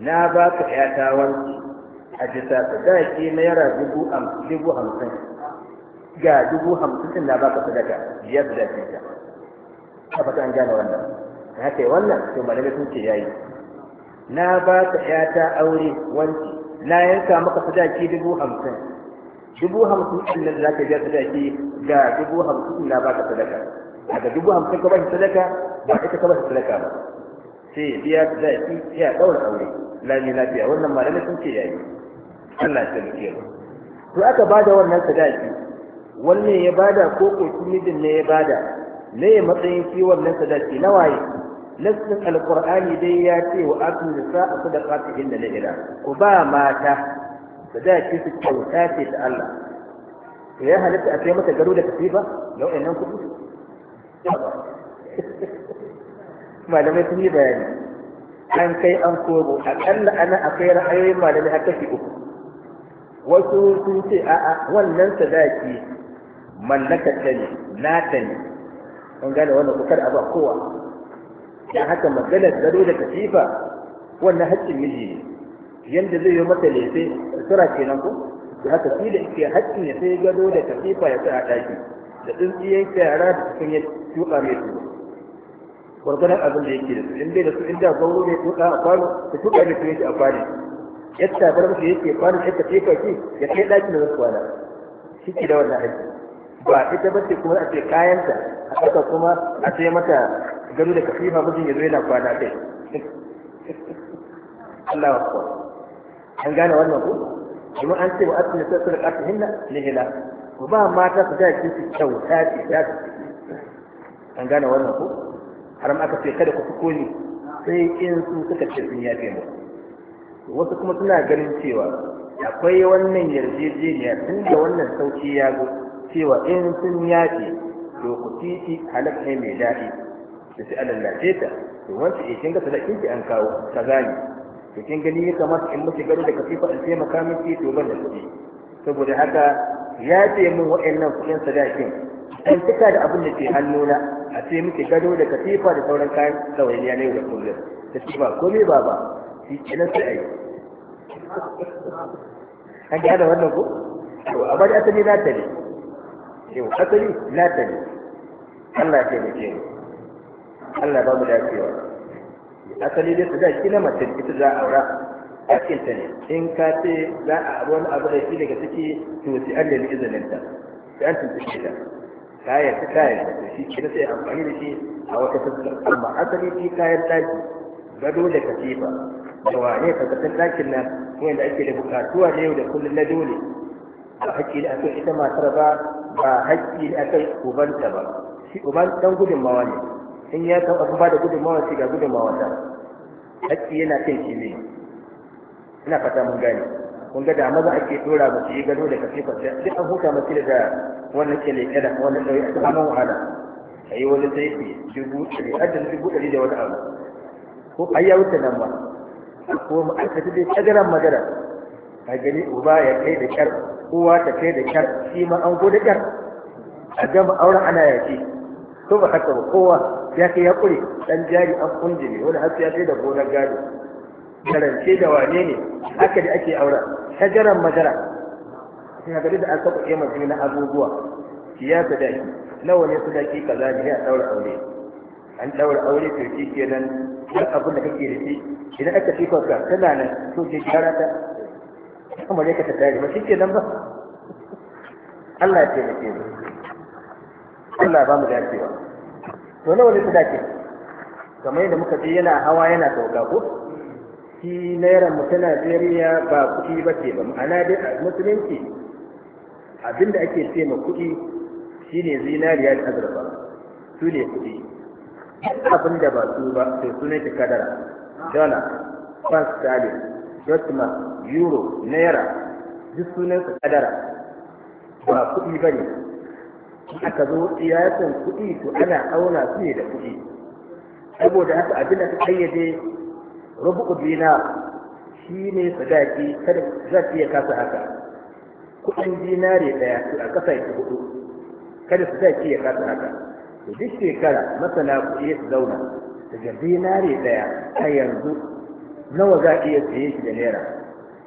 na baka ƴata wanki a bisa sadaki naira dubu dubu hamsin ga dubu hamsin na baka sadaka biyar da ta ta fata an gane wannan na ce wannan to malamai sun ce yayi na baka ƴata aure wanki na yanka maka sadaki dubu hamsin dubu hamsin ɗin nan za ka jasa sadaki ga dubu hamsin na baka sadaka daga dubu hamsin ka bashi sadaka ba ita ka bashi sadaka ba sai biya sadaki sai a ɗaura aure lami lafiya wannan malamai sun ce yayi Allah ya tsarki mu to aka bada wannan sadaki wannan ya bada ko ko kimidin ne ya bada ne ya matsayin shi wannan sadaki na waye nassin alqur'ani dai ya ce wa atu nisa sadaqatihin lil ila ku ba mata da da ke su kyauta ce ta Allah to ya halatta a kai mata gado da katifa da wayannan kuɗi malamai sun yi bayani an kai an kogo akalla ana akwai ra'ayoyin malamai a kashi uku wasu sun ce a'a wannan sadaki mallakar ta ne nata ne an gane wannan kukar a ba kowa da haka maganar gado da katifa wannan haƙƙin miji ne yadda zai yi mata lefe sutura kenan ko da haka da ke haƙƙi ne sai gado da tafifa ya tsaya ɗaki da tsintsiyen yara da cikin yi tuƙa mai tuba gwargwadon abin da yake da su in bai da su inda gauru ne tuƙa a kwano ta tuƙa mai tuba yake a kwano yadda bar musu yake kwano ya tafifa ce ya kai ɗakin da zai kwana shi ke da wannan haƙƙi ba ita ba ce kuma a ce kayanta a haka kuma a ce mata gado da tafifa mijin ya zo yana kwana kai [laughs] Allah wa an gane wannan ku kuma an ce wa asu ne sassu da hinna hinna lihila ko ba mata su da kinsu kyauta ce za su an gane wannan ku har ma aka ce kada ku fuko ni sai in su suka ce sun yafe mu wasu kuma suna ganin cewa akwai wannan yarjejeniya tun da wannan sauki ya zo cewa in sun yafe to ku titi ne mai daɗi da fi alallace ta to wancan ikin ga sadakin ki an kawo kaza ne to kin gani ya kamata in miki gado da katifa in taimaka miki to ban da kuɗi saboda haka ya ce min wa'annan kuɗin sadakin in cika da abin da ke hannuna a ce miki gado da katifa da sauran kayan ɗawainiya yanayi da kullum da shi ba komai ba ba shi nan sai a yi da wannan ko to a bari asali na tare yau asali na tare Allah ya taimake mu Allah ba mu dacewa asali dai su da na mace ita za a aura hakkin ta ne in ka ce za a aure wani abu da shi daga ciki to sai an da izinin ta sai an tuntuɓe ta kayan ta kayan da shi ke kina sai amfani da shi a wata fuska amma asali shi kayan ɗaki gado da katifa da wane fakatar ɗakin nan wanda ake da bukatuwa na yau da kullum na dole ba haƙƙi da akan ita matar ba ba haƙƙi da akan ubanta ba shi uban dan gudunmawa ne in ya taɓa ba da gudunmawa ce ga gudunmawa ta hakki yana kai shi ne ina fata mun gane kun ga da maza ake tura ba su yi gado da kafe kwanciya duk an huta masu da wannan ke leƙe da wannan ɗauki a tsaman wahala a yi wani zai fi dubu ɗari adadin dubu ɗari da wani abu ko ai ya wuce nan ba ko ma'aikata dai tsagaran magana a gani uba ya kai da kyar kowa ta kai da kyar shi ma an gode kyar a gama auren ana yaƙi to ba haka ba kowa ya kai ya kure dan jari an kunjile wani har ya sai da gonar gado karance da wane ne haka da ake aura shajaran madara sai ga da aka kuɗe mutum na abubuwa ya da shi nawa ne sadaki kaza ne a daura aure an daura aure to shi kenan duk abin da kake da shi idan aka fi ka tana nan to ke gyara ta kuma ne ka ta tare ba shi ke nan ba Allah ya taimake mu Allah ya bamu dacewa to nawa ne ta dace kamar yadda muka ji yana hawa yana sauka ko shi naira mu ta Najeriya ba kuɗi ba ce ba ma'ana dai musulunci abinda ake ce ma kuɗi shine zinariya da azurfa su ne kuɗi abin da ba su ba sai su ne kadara dala pound sterling dotma euro naira duk sunan su kadara ba kuɗi ba ne in aka zo siyasan kuɗi to ana auna su ne da kuɗi saboda haka abin da ka kayyade rubu dina shi ne sadaki kada za su iya kasa haka kuɗin dinare ɗaya to a kasa yake hudu kada sadaki ya kasa haka to duk shekara masana kuɗi su zauna daga dinare ɗaya a yanzu nawa za a iya saye shi da naira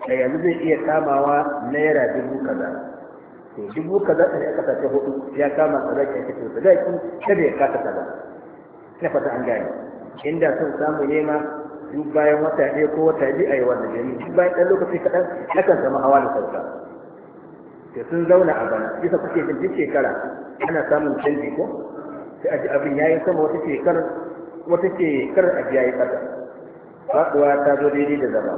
a yanzu zai iya kamawa naira dubu kaza to dubu kaza ta ne aka sace hudu ya kama a ki ake to sadaki kada ya kasa ba. na fata an gane inda sun samu nema duk bayan wata ɗaya ko wata biyu a yi wannan jami'i duk bayan ɗan lokaci kaɗan akan zama hawa da sauka to sun zauna a bana bisa kuke jin duk shekara ana samun canji ko sai a ji abin ya yi sama wata shekarar wata shekarar a ya yi ƙasa faɗuwa ta zo daidai da zama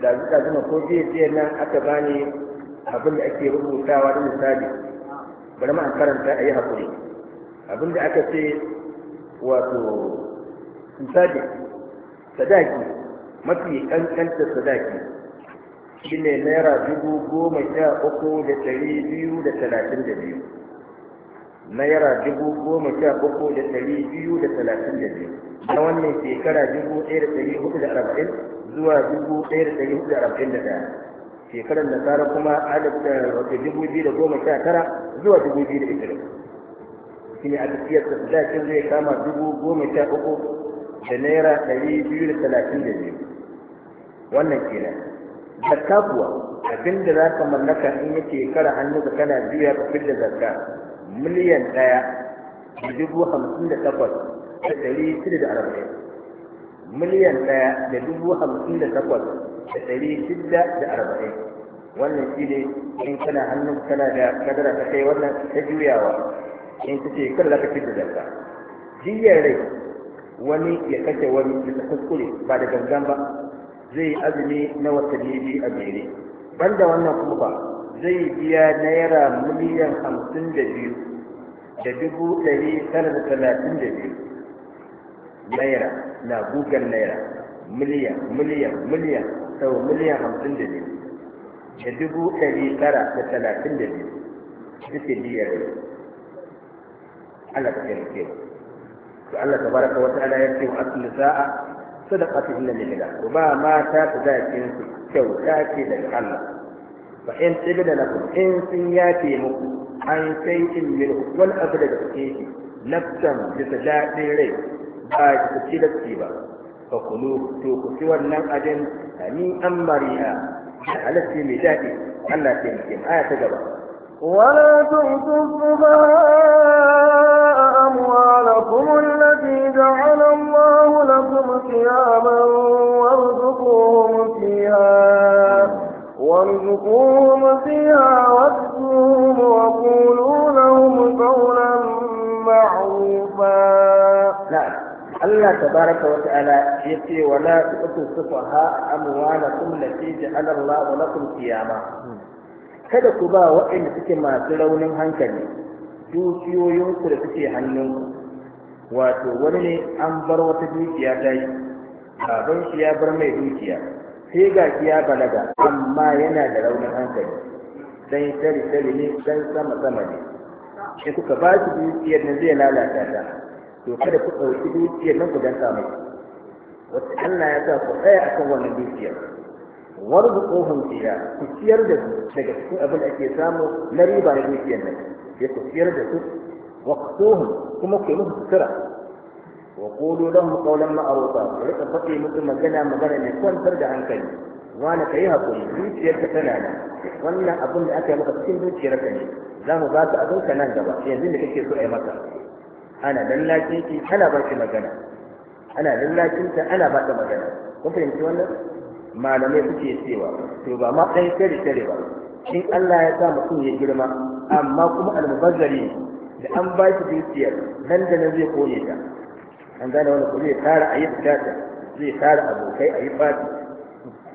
da zuka zama ko jiya jiya nan aka bani abin da ake rubutawa da misali bari ma an karanta a yi haƙuri abin da aka ce wato misali sadaki mafi ƙanƙanta sadaki shine naira dubu goma sha uku da ɗari biyu da talatin da biyu naira dubu goma sha uku da ɗari biyu da talatin da biyu na wannan shekara dubu ɗaya da ɗari hudu da arba'in zuwa dubu ɗaya da ɗari hudu da arba'in da ɗaya shekarar nasara kuma alif da dubu biyu da goma sha tara zuwa dubu biyu da ishirin shi ne a tafiyar da sadakin zai kama dubu goma sha uku da naira ɗari biyu da talatin da biyu wannan kenan zakka kuwa abin da za ka mallaka in yi shekara hannu da kana juya ka fidda zakka miliyan ɗaya da dubu hamsin da takwas da ɗari shida da arba'in miliyan ɗaya da dubu hamsin da takwas da ɗari shida da arba'in wannan shi ne in kana hannun kana da kadara ta kai wannan ta juyawa in ta ce kada za ka fi da zakka jiyar rai wani ya kashe wani da ta kuskure ba da gangan ba zai azumi na watanni biyu a jere banda wannan kuma ba zai biya naira miliyan hamsin da biyu da dubu ɗari tara da talatin da biyu naira na gugan naira miliyan miliyan miliyan sau miliyan hamsin da biyu da dubu ɗari tara da talatin da biyu suke biyar ne Allah ta taimake mu to Allah tabaraka wa wata ya ce wa asli sa'a sadaqatu inna lillahi wa ba ma ta zakin su kyau ta ce daga Allah fa in tibda lakum in sun yafe muku an sai in min wani abu daga kike shi nafsan bisa daɗin rai ba ki ci da ba فقلوب kulu سوى ku ci wannan على ni an على halatti mai آية جبا ولا تؤتوا السفهاء أموالكم التي جعل الله لكم قياما وارزقوهم فيها وارزقوهم فيها واكسوهم وقولوا لهم قولا معروفا نعم Allah tabaraka wa ta'ala ya ce wa la tuqtu sufaha amwalakum lati ja'ala Allahu lakum qiyama kada ku ba waɗanda suke masu raunin hankali dukiyoyinku da suke hannunku wato wani ne an bar wata dukiya ta yi baban shi ya bar mai dukiya sai ga shi ya balaga amma yana da raunin hankali dan tare tare ne dan sama sama ne sai kuka ba shi dukiyar nan zai lalata ta to kada ku ɗauki dukiyar nan ku danka mai wasu Allah ya sa ku tsaya akan wannan dukiyar warzuquhum fiha ku ciyar da su daga cikin abin da ake samu na riba na dukiyar nan ya ku ciyar da su waqtuhum kuma ku yi musu sutura wa qulu lahum qawlan ma'rufa ku rika faɗi musu magana magana mai kwantar da hankali wani ka yi haƙuri zuciyarka tana nan wannan abin da aka yi maka cikin zuciyarka ne za mu ba abin abinka nan gaba yanzu da kake so a yi maka ana lallacin shi ana ba shi magana ana lallacin ta ana ba ta magana kun fahimci wannan malamai suke cewa to ba ma ɗan kare-kare ba in Allah ya sa mutum ya girma amma kuma almubazzari da an ba shi dukiyar nan da nan zai kone ta an gane wani kuma zai tara a yi bukata zai tara abokai a yi fati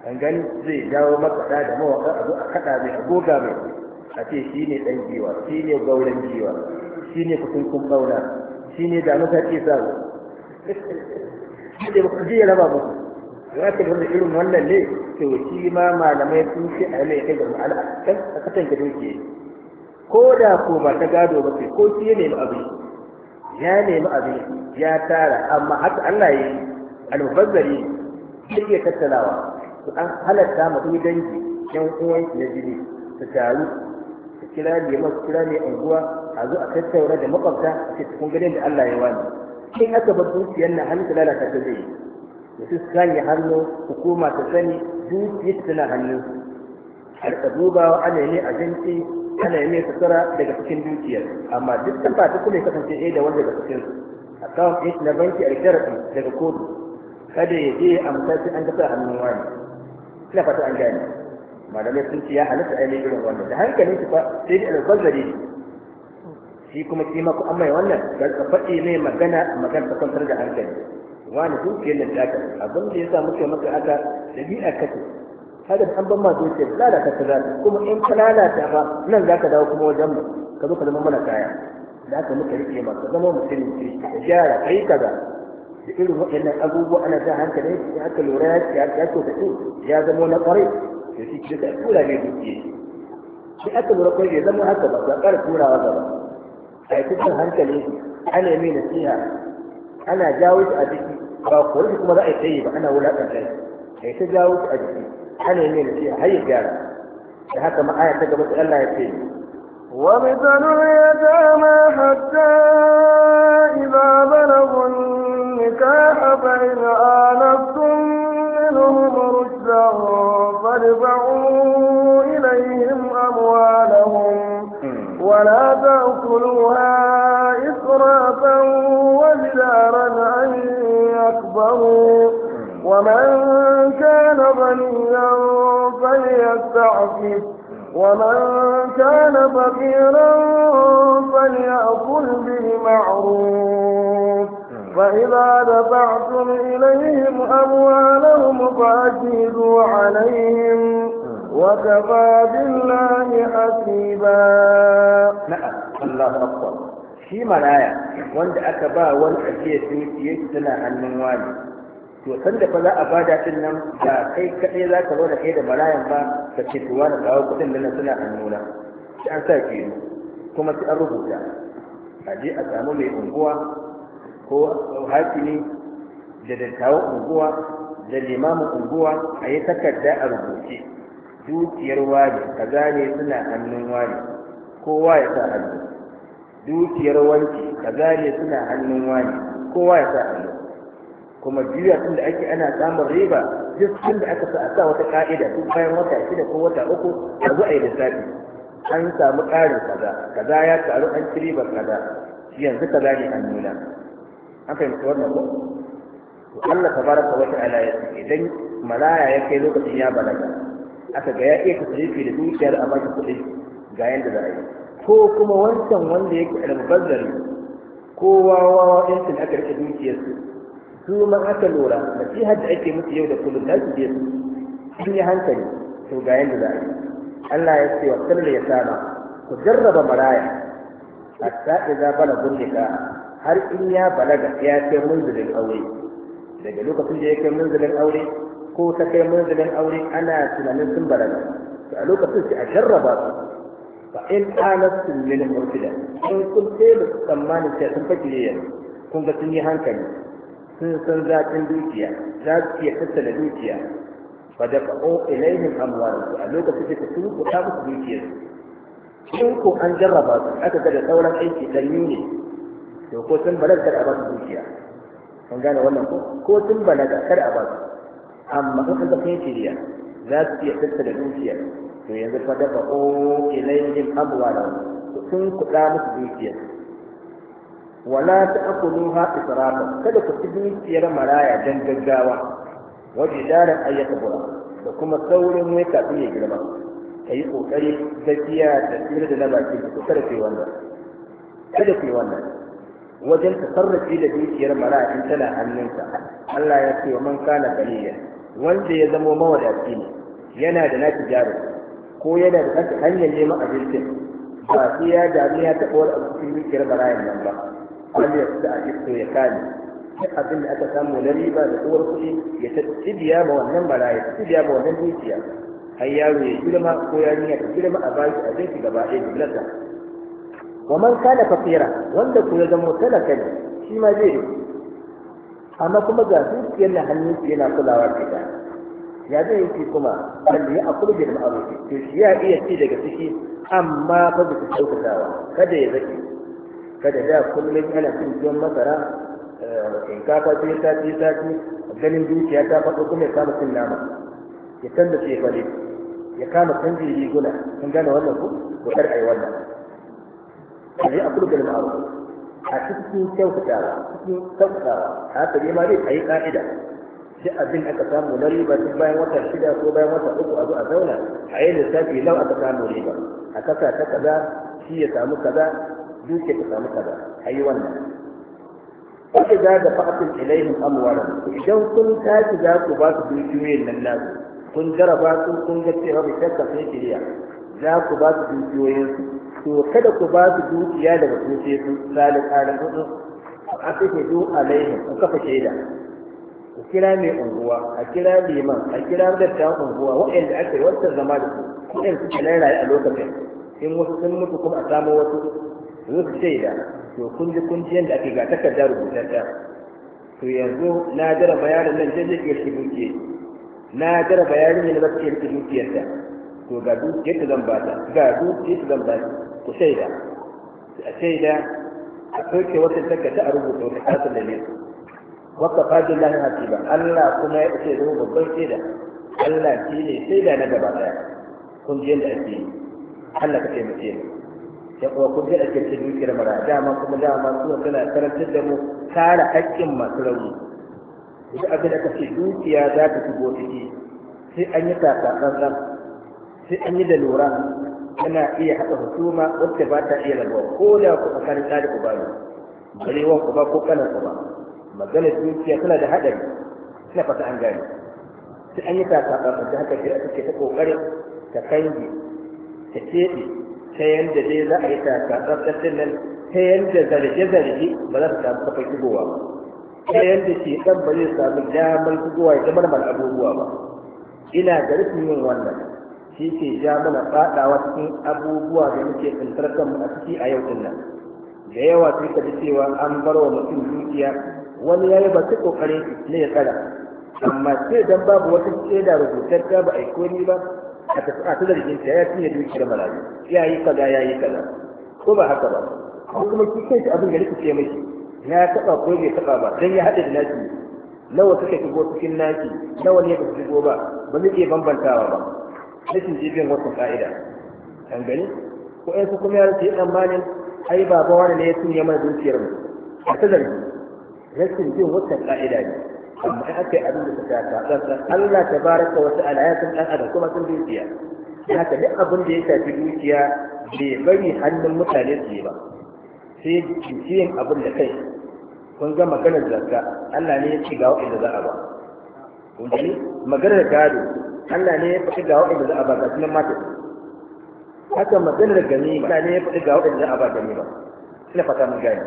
an gani zai dawo makaɗa da mawaƙa a zo a kaɗa mai a goga mai a ce shi ne ɗan jiwa shi ne gauran jiwa shi ne kusurkun ɓauna shi ne da muka ce sa ne ba ji ya babu musu ya ce wanda irin wannan ne to shi ma malamai sun ce a mai kai ga ma'ana a kasan ka doke ko da ko ba ta gado ba sai ko shi ya nemi abin ya nemi abin ya tara amma haka Allah ya yi almubazzari sai ya tattalawa to an halatta masu dangi yan uwan na jini su taru su kira ne masu kira ne unguwa a zo a tattauna da makwabta a ce kun da Allah ya wani in aka bar dukiyar nan hannu ta lalata ta zai da su sanya hannu hukuma ta sani dukiyar hannu har a duba wa ana yi abinci ana yi sutura daga cikin dukiyar amma duk ta fata kuma ya kasance ɗaya da wanda daga cikin akawun ɗin na banki a sharafi daga kotu kada ya je a matashi an gasa hannun wani ina fata an gane malamai sun ce ya halatta ainihin irin wannan da hankalin su fa sai da albazzare ne shi kuma kima ku amma wannan dan ka faɗi ne magana magana ta kwantar da hankali wani dukiyar nan ta abin da ya sa muke maka haka dabi'a kace haka an ban ma dukiyar lalata ta zata kuma in ka lalata ba nan za ka dawo kuma wajen mu ka zo ka zama mana kaya da haka muka rike ma ka zama mutumin ce ka gyara kai ga. da irin waɗannan abubuwa ana da hankali ya aka lura ya ya to da ya zama na ƙwarai to shi ke da tura ne dukiyar shi aka lura ko ya zama haka ba ka ƙara turawa gaba a yi cikin hankali ana yi mai nasiha ana jawo shi a jiki ba kuwa shi kuma za a yi tsaye ba ana wulaƙanta shi a yi ta jawo shi a jiki ana yi mai nasiha har ya gyara da haka ma aya ta gaba sai Allah ya ce وابتلوا اليتامى حتى إذا بلغوا النكاح فإن آنستم منهم رشدا فادفعوا إليهم أموالهم ولا تأكلوها إسرافا وجدارا أن يكبروا ومن كان غنيا فليستعفف ومن كان فقيرا فليأكل بالمعروف فإذا دفعتم إليهم أموالهم فأجيدوا عليهم وكفى بالله حسيبا نعم الله أكبر shi maraya wanda aka ba wani ajiyar dukiyar tana hannun wani to san da fa za a bada din nan da kai kaɗai za ka zo da kai da marayan ba ka ce to wani kawo kuɗin da na suna annuna. shi an sa ke kuma shi an rubuta a je a samu mai unguwa ko hakimi da dattawan unguwa da limamin unguwa a yi takarda a rubuce dukiyar wani kaza ne suna hannun wani kowa ya sa hannu dukiyar wanki kaza ne suna hannun wani kowa ya sa hannu kuma juya tun da ake ana samun riba duk tun da aka sa a sa wata ka'ida duk bayan wata shida ko wata uku a zo a yi lissafi an samu ƙarin kaza kaza ya karu an ci ribar kaza yanzu kaza ne an nuna an fahimci wannan ko Allah tabaraka wa ta'ala ya ce idan malaya ya kai lokacin ya balaga aka ga ya iya kasance fi da dukiyar a baki kuɗi ga yanda za a yi ko kuma wancan wanda yake almubazzari ko wawa waɗansu aka rike dukiyarsu su ma aka lura nasihar da ake musu yau da kullum na su je su sun yi hankali to ga yanda za a yi Allah ya ce wa sirri ya sama ku jarraba maraya hatta za balagun nika har in ya balaga ya kai munzulin aure daga lokacin da ya kai munzulin aure ko ta kai manzilin aure ana tunanin sun balaga to a lokacin sai a jarraba su fa in anastum lil murtida in kun sai da tsammani sai sun fake yayin kun ga sun yi hankali sun san zaƙin dukiya za su iya tattala dukiya fa da fa'o ilaihim amwalu a lokacin sai ka tuku ta musu dukiyar in ko an jarraba su aka ga da sauran aiki ɗanyu ne to ko sun balaga da a ba su dukiya kun gane wannan ko ko sun balaga kar a ba su amma in ka kai yi shirya za su iya tattara dukiya to yanzu fa dafa o ilayhim amwalan to kun kuɗa musu dukiya wala ta'kuluha israfa kada ku ci dukiyar maraya dan gaggawa wajen daren ayyaka bura da kuma saurin wai kafin ya girma kai kokari da gaskiya da tsira da labarci da kada ku yi wannan kada ku yi wannan wajen tasarrafi da dukiyar mara'in tana hannunka Allah ya ce wa man kana ganiya wanda ya zama mawadaci ne yana da na jarin ko yana da kake hanyar neman abinci? ba sai ya dami ya taɓa wani abu cikin dukiyar barayin nan ba wanda ya fita a gifto ya kame duk abin da aka samu na riba da uwar kuɗi ya ta cibiya ma wannan barayi cibiya ma wannan dukiya har yaro ya girma ko yarinya ta girma a baki abinci gaba ɗaya bilata wa man kana fasira wanda ko ya zama talaka ne shi ma zai amma kuma ga dukiyar na hannun yana kulawa da ita ya zai yi kuma wanda ya akulu bil ma'ruf to shi ya iya ci daga ciki amma ba bisa kyautatawa kada ya zaki kada da kullum yana cin tuwon masara eh, kafa ce ta ce ta a ganin dukiya ta faɗo kuma ya kama cin nama ya canza ce fare ya kama canji riguna kun gane wannan ku ko kar ai wannan sai a kullu bil ma'ruf a cikin kyautatawa cikin kyautatawa haka dai ma dai yi ka'ida duk abin aka samu na riba duk bayan wata shida ko bayan wata uku a zo a zauna a yi lissafi lau aka samu riba a kasa ta kaza shi ya samu kaza duke ta samu kaza a yi wannan wata za da fa'atun ilaihim amwaran idan kun tashi za ku ba su dukiyoyin nan nasu kun jaraba su kun ga cewa bai shakka sai kiriya za ku ba su dukiyoyin su to kada ku ba su dukiya daga tushe su salin ƙarin hudu a a kafa shaida kira mai unguwa a kira liman a kira ta unguwa waɗanda ake yi wata zama da su kuɗin suke nan raye a lokacin in wasu sun mutu kuma a samu wasu zo su shaida to kun ji kun ji yadda ake ga takardar rubutacciya to yanzu na jira bayanin nan zai ke shi dukiya na jira bayanin ne ba su iya shi dukiyarta to ga dukiyar ta zan ba ta ga dukiyar ta zan ba ta ku shaida a shaida a sauke wata takarda a rubuta wata kasar da ne وكفى بالله حسيبا الله كما يأتي له babban shaida Allah shi ne shaida na gaba daya kun ji yadda ake yi Allah ka taimake mu ya kuma kun ji ake cikin dukiyar mara dama kuma dama suna tana karantar da mu kare haƙƙin masu rauni duk abin da kace dukiya za ta shigo ciki sai an yi takatsantsan sai an yi da lura ana iya haɗa husuma wacce ba ta iya rabuwa ko da ku tsakanin ɗari ku ba ne barewan ku ba ko kanan ku ba magana dukiya tana da haɗari ina fata an gane sai an yi takaɓa da haka shari'a suke ta ƙoƙarin ta kange ta keɓe ta yanda dai za a yi takaɓa ɗin nan ta yanda zarge-zarge ba za su samu kafin shigowa ba ta yanda shi ɗan ba zai samu damar shigowa ya zama mana abubuwa ba ina da rufin yin wannan shi ke ja mana faɗawa cikin abubuwa da muke tsintar kanmu a ciki a yau ɗin nan da yawa sai ka ji cewa an bar wa mutum dukiya wani ya yi ba su ƙoƙarin ne ya tsara amma sai dan babu wata shaida rubutacciya ba a yi ni ba a tafi a ta zargin ta ya cinye dukiyar marayu ya yi kaza ya yi kaza ko ba haka ba ko kuma shi kanshi abin da rikice mashi na taɓa ko bai taɓa ba dan ya haɗa da naci nawa suka shigo cikin naki? nawa ne ba su shigo ba ba zai iya bambantawa ba rashin jibin wasu ka'ida an gani ko ai su kuma ya rasa yi malin ai baba wani ne ya cinye mana dukiyar mu a ta zargi rashin bin wata ka'ida ne amma in aka yi abin da ta shafa tsantsan Allah ta baraka wata al'ayatun ɗan adam kuma sun bi biya haka duk abin da ya shafi dukiya bai bari hannun mutane su yi ba sai jijiyin abin da kai kun ga maganar zakka Allah ne ya ci ga wa'in da za a ba kun ji maganar gado Allah ne ya faɗi ga wa'in da za a ba ga sunan mata haka maganar ganima Allah ne ya faɗi ga wa'in da za a ba ganima ina fata mun gani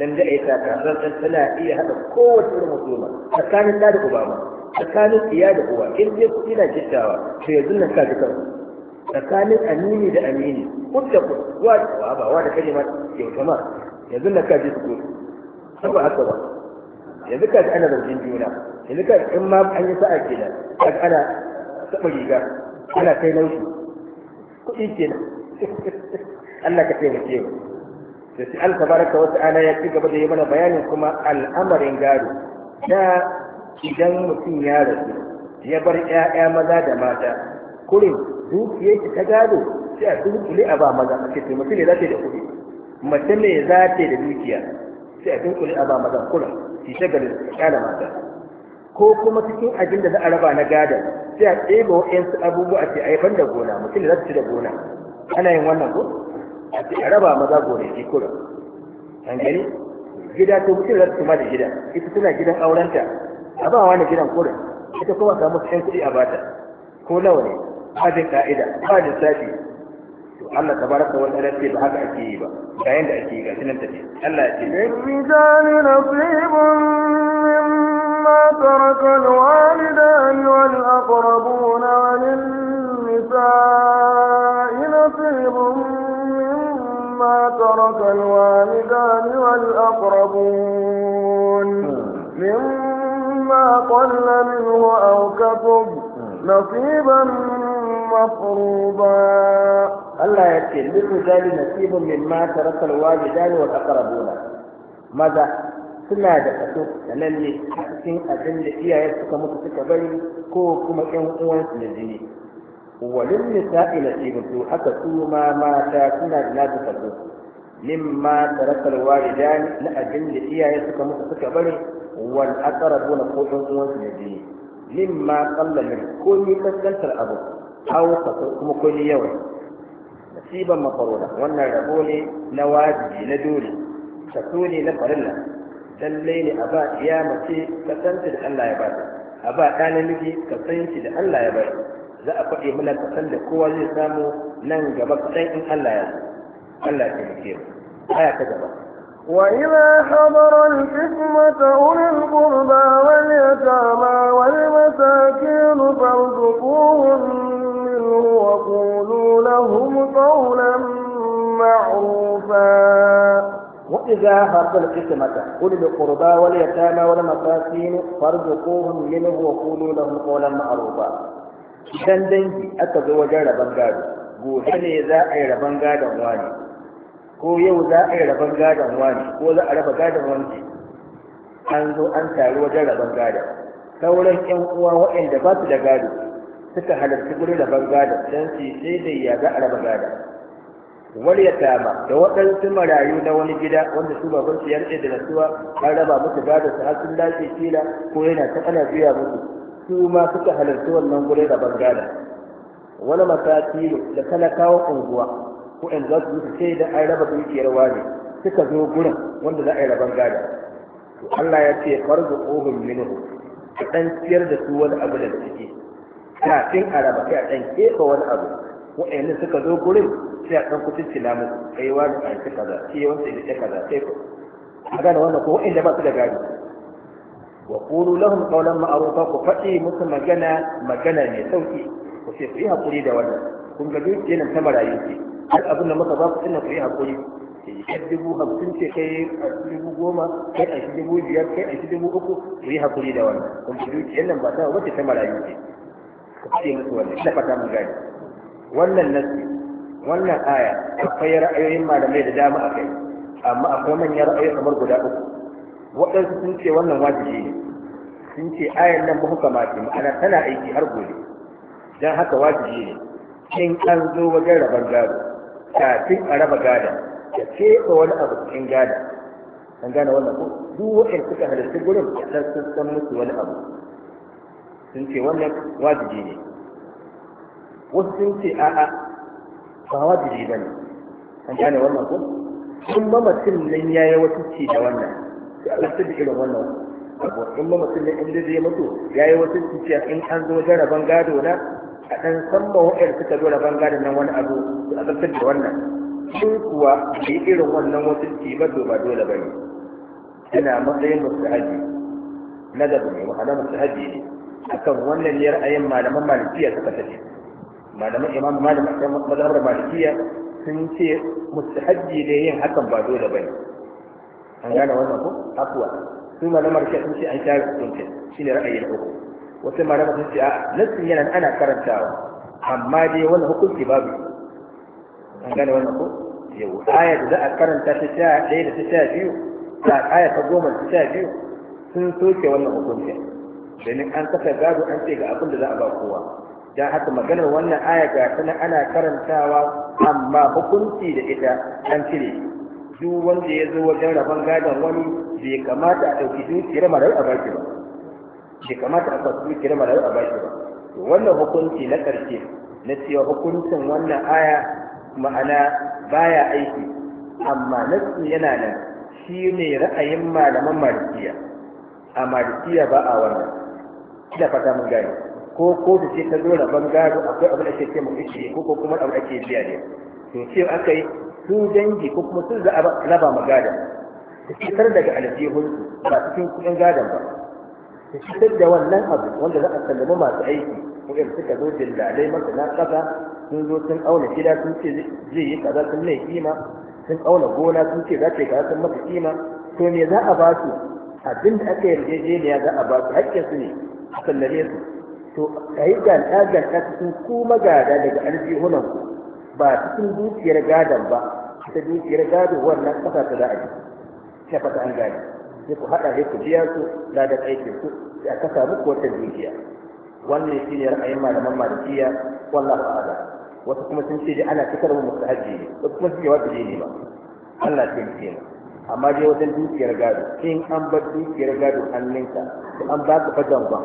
dan da ta san tana iya haɗa kowace irin musulma tsakanin da da uba ma tsakanin iya da uwa in dai kuɗi na jittawa to yanzu na sa dukan tsakanin amini da amini kudda ku wa da ba wa da ma yau ma yanzu na ka ji su ko saboda haka ba yanzu ka ji ana zargin juna yanzu ka in ma an yi sa'a kenan ka ana taɓa riga ana kai laushi kuɗi kenan [laughs] Allah ka taimake mu da shi Allah baraka wa ta'ala ya ci gaba da yi mana bayanin kuma al'amarin gado da idan mutum ya rasu ya bar ƴaƴa maza da mata kurin dukiyar ki ta gado sai a dunkule a ba maza a ce mutum ne za ta da kuɗi mace ne za ta da dukiya sai a dunkule a ba maza kurin ki shagalin kyala mata ko kuma cikin abin da za a raba na gada sai a ɗeba wa'yansu abubuwa a ce a yi ban da gona mutum ne za ta ci da gona ana yin wannan ko a raba maza gonaki kura an gani gida to mutum za su ma da gida ita tana gidan aurenta a ba wani gidan kura ita kuma samu sayan kuɗi a bata ko nawa ne ba da ka'ida ba da safi to Allah tabaraka wa ta'ala ce ba haka ake yi ba ga yanda ake yi ga ta ce. Allah ya ce rijali nasibun mimma taraka alwalidani wal aqrabuna wa lin nisa'i ترك الوالدان والأقربون مما قل منه أو كتب نصيبا مفروضا الله يكفي للرجال نصيب مما ترك الوالدان والأقربون ماذا suna da kaso da lalle a cikin abin da iyayen suka mutu suka bari ko kuma ƴan uwansu da jini walin nisa'i nasibun to haka su ma mata suna da nasu kaso mimma tarakal walidani na abin da iyaye suka musu suka bari wal aqrabuna ko ɗan uwansu ne biyu mimma qalla min ko ni kaskantar abu aw kaso kuma ko ni yawa nasiban mafaruda wannan rabo ne na wajibi na dole kaso ne na farilla lallai ne a ba iya mace kasance da Allah ya ba ta a ba ɗa namiji kasance da Allah ya ba ta za a faɗi mana kasan da kowa zai samu nan gaba kaɗan in Allah ya Allah ya taimake mu aya ta gaba وإذا حضر الحكمة أولي القربى واليتامى والمساكين فارزقوهم منه وقولوا لهم قولا معروفا وإذا حضر الحكمة أولي القربى واليتامى والمساكين فارزقوهم منه وقولوا لهم قولا معروفا idan dangi aka zo wajen rabon gado gobe ne za a yi rabon gadon wani ko yau za a yi rabon gadon wani ko za a raba gadon wani an zo an taru wajen rabon gadon sauran yan uwa waɗanda ba su da gado suka halarci gurin rabon gadon don su sai da ya za a raba gadon wani ya tama da waɗansu marayu na wani gida wanda su baban su yarda da nasuwa an raba musu gadon su har sun lafiya kila ko yana ta ana biya musu su ma suka halarci wannan gure da bangada wani mataki da talakawa unguwa ko in za su yi sai da an raba dukiyar wani suka zo gurin wanda za a yi raban gada to Allah ya ce farzu ohun minhu a dan ciyar da su wani abu da suke kafin a raba sai a dan kefa wani abu wa'annan suka zo gurin sai a dan kutunci namu kai wani a yi kaza sai wani ya kaza sai ku a gane wannan ko wa'anda ba su da gari. wa qulu lahum qawlan ma'rufa ku faɗi musu magana magana mai sauki ku ce ku yi hakuri da wannan kun ga duk yana ta marayu ce har abin da muka ba ku ina ku yi hakuri kai dubu hamsin ce kai dubu goma kai a dubu biyar kai a dubu uku ku yi hakuri da wannan kun ga duk yana ba ta wace ta marayu ce ku faɗi musu wannan ina fata mun gane wannan nasi wannan aya akwai ra'ayoyin malamai da dama akai amma akwai manyan ra'ayi kamar guda uku waɗansu sun ce wannan wajibi ne sun ce ayan nan muhukama ce ma'ana tana aiki har gobe don haka wajibi ne in an zo wajen rabar gado kafin a raba gada ce keɓe wani abu cikin gada an gane wannan ko duk waɗanda suka halarci gurin dan sun san musu wani abu sun ce wannan wajibi ne wasu sun ce a'a ba wajibi ba ne an gane wannan ko sun mutum nan ya yi wata ce da wannan sai Allah ta irin wannan abokin ma mutum ne inda zai mutu ya yi wasu cikiya in an zo wajen rabon gado na a ɗan san ma waɗanda suka zo rabon gado nan wani abu su a zartar da wannan Shin kuwa bai irin wannan wasu ba to ba dole ba ne yana matsayin musu haji nazar ne ma'ana musu haji ne akan wannan ne ra'ayin malaman malikiya suka tafi malaman imam malaman mazhabar malikiya sun ce musu haji ne yin hakan ba dole ba ne an gane wannan ko afuwa su malamar shi sun ce an share hukuncin shine ra'ayin uku wasu malamar sun ce a nassin yana ana karantawa amma dai wannan hukunci babu an gane wannan ko yau aya da za a karanta ta sha ɗaya da ta sha biyu ta aya ta goma ta sha biyu sun soke wannan hukuncin domin an kasa gado an ce ga abin da za a ba kowa don haka maganar wannan aya ga tana ana karantawa amma hukunci da ita an cire duk wanda ya zo wajen rabon gadon wani bai kamata a ɗauki dukiyar marar a baki ba bai kamata a ɗauki dukiyar marar a baki ba wannan hukunci na ƙarshe na cewa hukuncin wannan aya ma'ana baya aiki amma nasu yana nan shi ne ra'ayin malaman malikiya a malikiya ba a wannan ina fata mun gane ko ko su ce ta zo rabon gado akwai abin da ke ce mu ko kuma abin da biya ne to ce aka yi sun dangi ko kuma sun raba ma gadon ta fitar daga aljihunsu ba cikin kuɗin gadon ba ta fitar da wannan abu wanda za a sallama masu aiki ko waɗanda suka zo dillalai masana ƙasa sun zo sun auna gida sun ce zai yi kaza sun mai kima sun auna gona sun ce za ta yi kaza sun masa kima to me za a ba su abin da aka yarjejeniya za a ba su haƙƙinsu ne a sallame su to a yi ganta ganta cikin ku magada daga aljihunanku ba cikin dukiyar gadon ba ta dukiyar gado wannan kasa ta za a ji ta fata an gane sai ku haɗa sai ku biya su da da aikin su sai a kasa muku wata dukiya wannan shi ne ra'ayin malaman malikiya ba ala wasu kuma sun ce dai ana fitar mu hajji ne wasu kuma sun ce jini ba Allah ya ce mu amma dai wajen dukiyar gado in an bar dukiyar gado an ninka to an ba ka fadan ba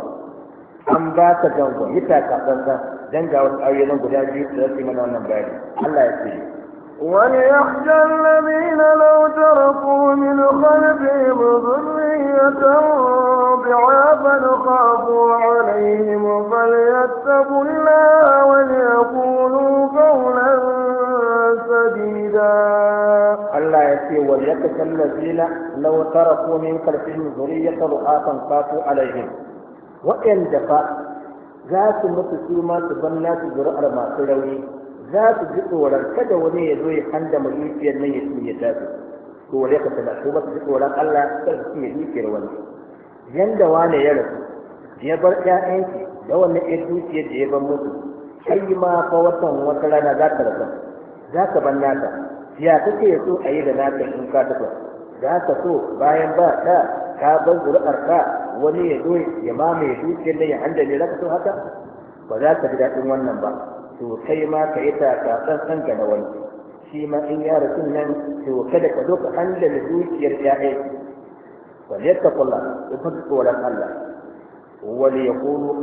an ba ta zango yi taka zanzan dan ga wasu ayoyin guda biyu su rasu mana wannan bayani Allah ya ce وليخشى الذين لو تركوا من خلفهم ذرية ضعافا خافوا عليهم فليتقوا الله وليقولوا قولا سديدا الله يسير وليخشى الذين لو تركوا من خلفهم ذرية ضعافا خافوا عليهم waɗanda fa za su mutu su ma su ban nasu zuri'ar masu rauni za su ji tsoron kada wani ya zo ya handa mai dukiyar nan ya su ya tafi to wale ka tana ko ba su ji tsoron Allah ta su ya dukiyar wani yanda wane ya rasu ya bar ƴaƴanki da wannan ɗan dukiyar da ya ban mutu kai ma fa watan wata rana za ka rasa za ka ban nata ya kake so a yi da naka in ka tafi za ka so bayan ba ta ka bar zuri'ar ka wani ya zo ya mamaye dukiyar nan ya handale za ka so haka ba za ka ji daɗin wannan ba to kai ma ka yi takasan san ga wani shi ma in ya rasu nan to da ka zo ka handale dukiyar Allah. وليتقوا ya يفتقوا لك الله وليقولوا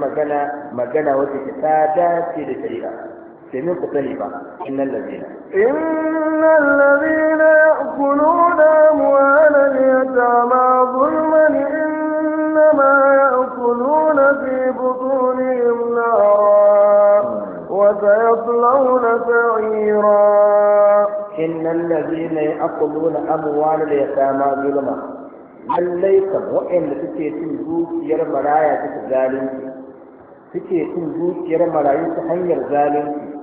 magana magana تفهم ta dace da لشريعه domin ku sani ba innal ladina innal ladina ya'kuluna amwalan yatama zulman innama ya'kuluna fi butunihim nara wa sayaslawna sa'ira innal ladina ya'kuluna amwalan yatama zulman lallai kan waɗanda suke cin zuciyar maraya suke cin zuciyar marayu ta hanyar zalunci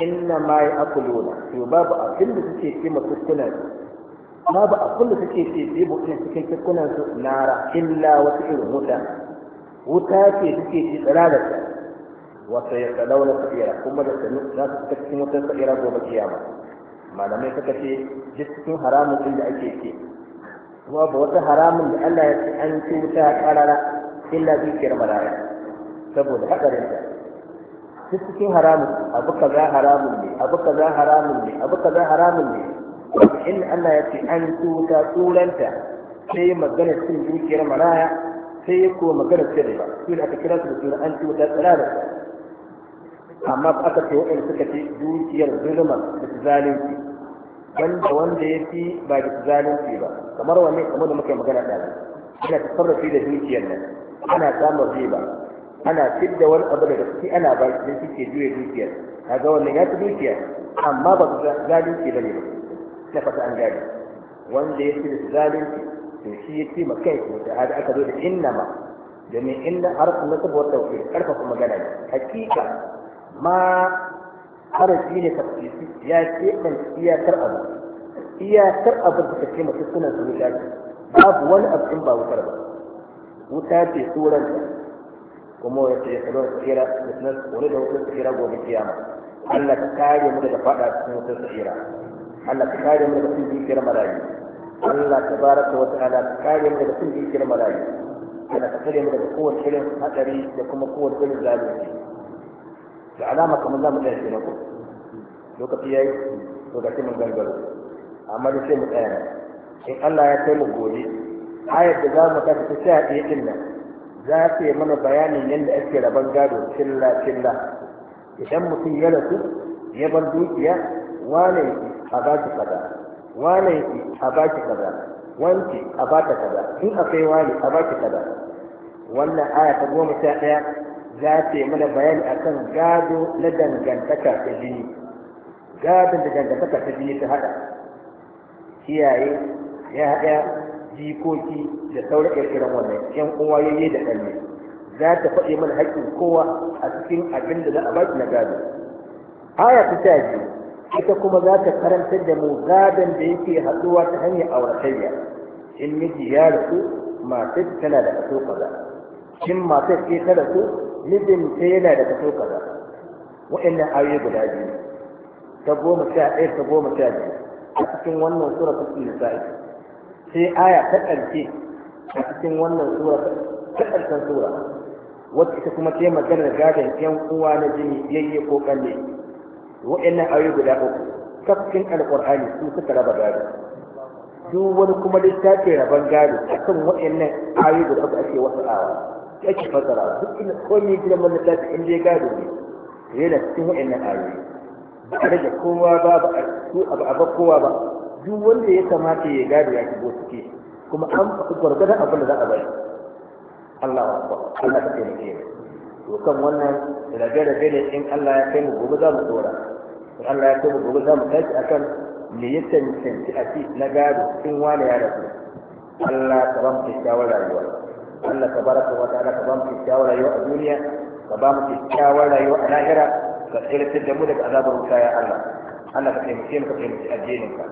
inna ma ya akuluna to babu abin da suke ce ma kuskunan babu abin da suke ce ce bukin cikin kuskunan su nara illa wata irin wuta wuta ce suke ce tsirararsa wata ya tsalawar sa'ira kuma da sanu za su fita cikin wutar sa'ira gobe kiyama malamai suka ce duk cikin haramun din da ake ce babu wata haramun da Allah ya ce an ci wuta karara illa zuciyar malaya saboda hadarin ta duk cikin haramun abu za haramun ne abu za haramun ne abu za haramun ne wato in Allah ya ce an tuta turanta sai magana cin dukiyar maraya sai ya kuwa magana cin riba sai aka kira su da suna an tuta tsirara amma aka ce waɗanda suka ce dukiyar zulman da zalunci banda wanda ya fi ba da zalunci ba kamar wanne kamar da muke magana da ana tasarrafi da dukiyar nan ana samun riba ana fidda wani abu daga ciki ana ba shi suke juya dukiyar k'a ga wannan ya fi dukiya amma ba su zalunci ne ba na fata an gane wanda ya fi zalunci to shi ya ce ma kai ko hada aka zo da innama domin inna harfin na sabuwar tauhid karfafa magana ne hakika ma harafi ne tafsiri ya ce dan iyakar abu iyakar abu da ce mutum suna zuwa babu wani abu in ba wutar ba wuta ce tsoron ومو يتجسدون كثيرا مثل ولده مثل كثيرا وهو في القيامة ألا تكاد يمد لفعل مثل كثيرا ألا تكاد يمد لفعل كثيرا ملايين لك تبارك وتعالى تكاد يمد لفعل كثيرا ملايين أنا من يمد لقوة حلم أتري لكم قوة كل ذلك العلامة كم الله نقول لو كتير وقت من قلبه أما لسه متأثن إن الله يتأثن بقولي آية بزار متأثن تشاهد يتنى za ta yi mana bayanin yadda ake rabar gado cilla cilla idan mutum ya rasu ya bar dukiya wane a ba ki kaza wane a ba ki kaza wance a ba ta kaza in akwai wani a ba ki kaza wannan aya ta goma sha ɗaya za ta yi mana bayani akan gado na dangantaka ta jini Gado da dangantaka ta jini ta haɗa kiyaye ya haɗa jikoki da sauran ƙirƙirar wannan yan uwa yayye da ƙarni za ta faɗi mana haƙƙin kowa a cikin abin da za a baki na gado aya ta sha ita kuma za ta karantar da mu gadon da yake haɗuwa ta hanyar auratayya in miji ya rasu matar tana da kaso kaza shin matar ce ta rasu mijin ta yana da kaso kaza wa'annan ayoyi guda biyu ta goma sha ɗaya ta goma sha biyu a cikin wannan sura ta nisa'i sai aya ta ƙarshe a cikin wannan sura ta ƙarshen sura wacce ta kuma ce maganar gadon yan uwa na jini yayye ko kalle wa'annan ayoyi guda uku kafin alƙur'ani su suka raba gado duk wani kuma littafi raban gado kan wa'annan ayoyi guda uku ake wasu awa ake fasara duk inda komai gidan wani littafi in dai gado ne yana cikin wa'annan ayoyi ba a rage kowa ba ba a ba kowa ba duk wanda ya kamata ya gado ya shigo ciki kuma an faɗi gwargwadon abin da za a bari Allah akbar Allah ta taimake mu to kan wannan rabe-rabe ne in Allah ya kai mu gobe za mu dora in Allah ya kai mu gobe za mu tashi akan me ya cancanci a ci na gado in wani ya rasu Allah ka ba mu kyakkyawar rayuwa Allah ka baraka wa ta'ala ka ba mu kyakkyawar rayuwa a duniya ka ba mu kyakkyawar rayuwa a lahira ka tsirtar da mu daga azabar wuta ya Allah Allah ka taimake mu ka taimake addinin ka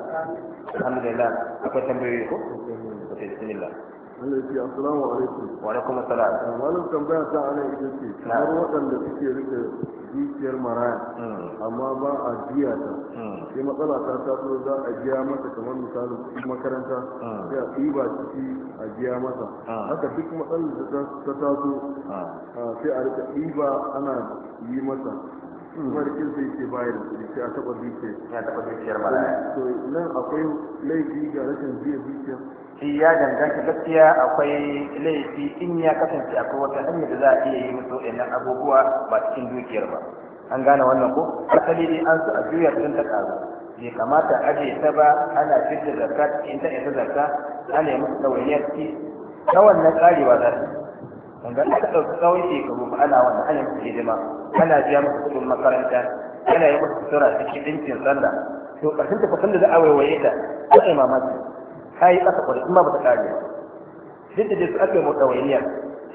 alhamdulillah akwai tambayoyi ko alaiki assalamu alaikum wa alaikum assalam eh, tambaya ta ana ce waɗanda suke rike dukiyar maraya hmm. amma ba a biya ta hmm. sai matsala ta taso za a biya masa kamar misali kuɗin makaranta hmm. sai a ɗiba ciki a biya haka duk matsalar da ta taso ah, sai a rika ɗiba ana yi masa marikin sai ke bayar da sai a taɓa dukiyar ya taɓa zuciyar malaya to nan akwai laifi ga rashin biyan dukiyar shi ya danganta gaskiya akwai laifi in ya kasance akwai wata hanyar da za a iya yi musu ɗannan abubuwa ba cikin dukiyar ba an gane wannan ko asali ne an su a juya sun ta ƙaru bai kamata a ajiye ta ba ana fitar da zakka in ta isa zakka ana yi musu ɗawainiyar ci ta wannan tsari ba za su wanda aka ɗauki tsawon shekaru ba ana wannan ana musu hidima ana biya musu kuɗin makaranta ana yi musu sutura cikin ɗinkin sallah to ƙarshen ta fasan da za a waiwaye ta ko ai mamaki ka yi ƙasa kwarai kuma ba ta ƙare duk da su aka yi mu ɗawainiyar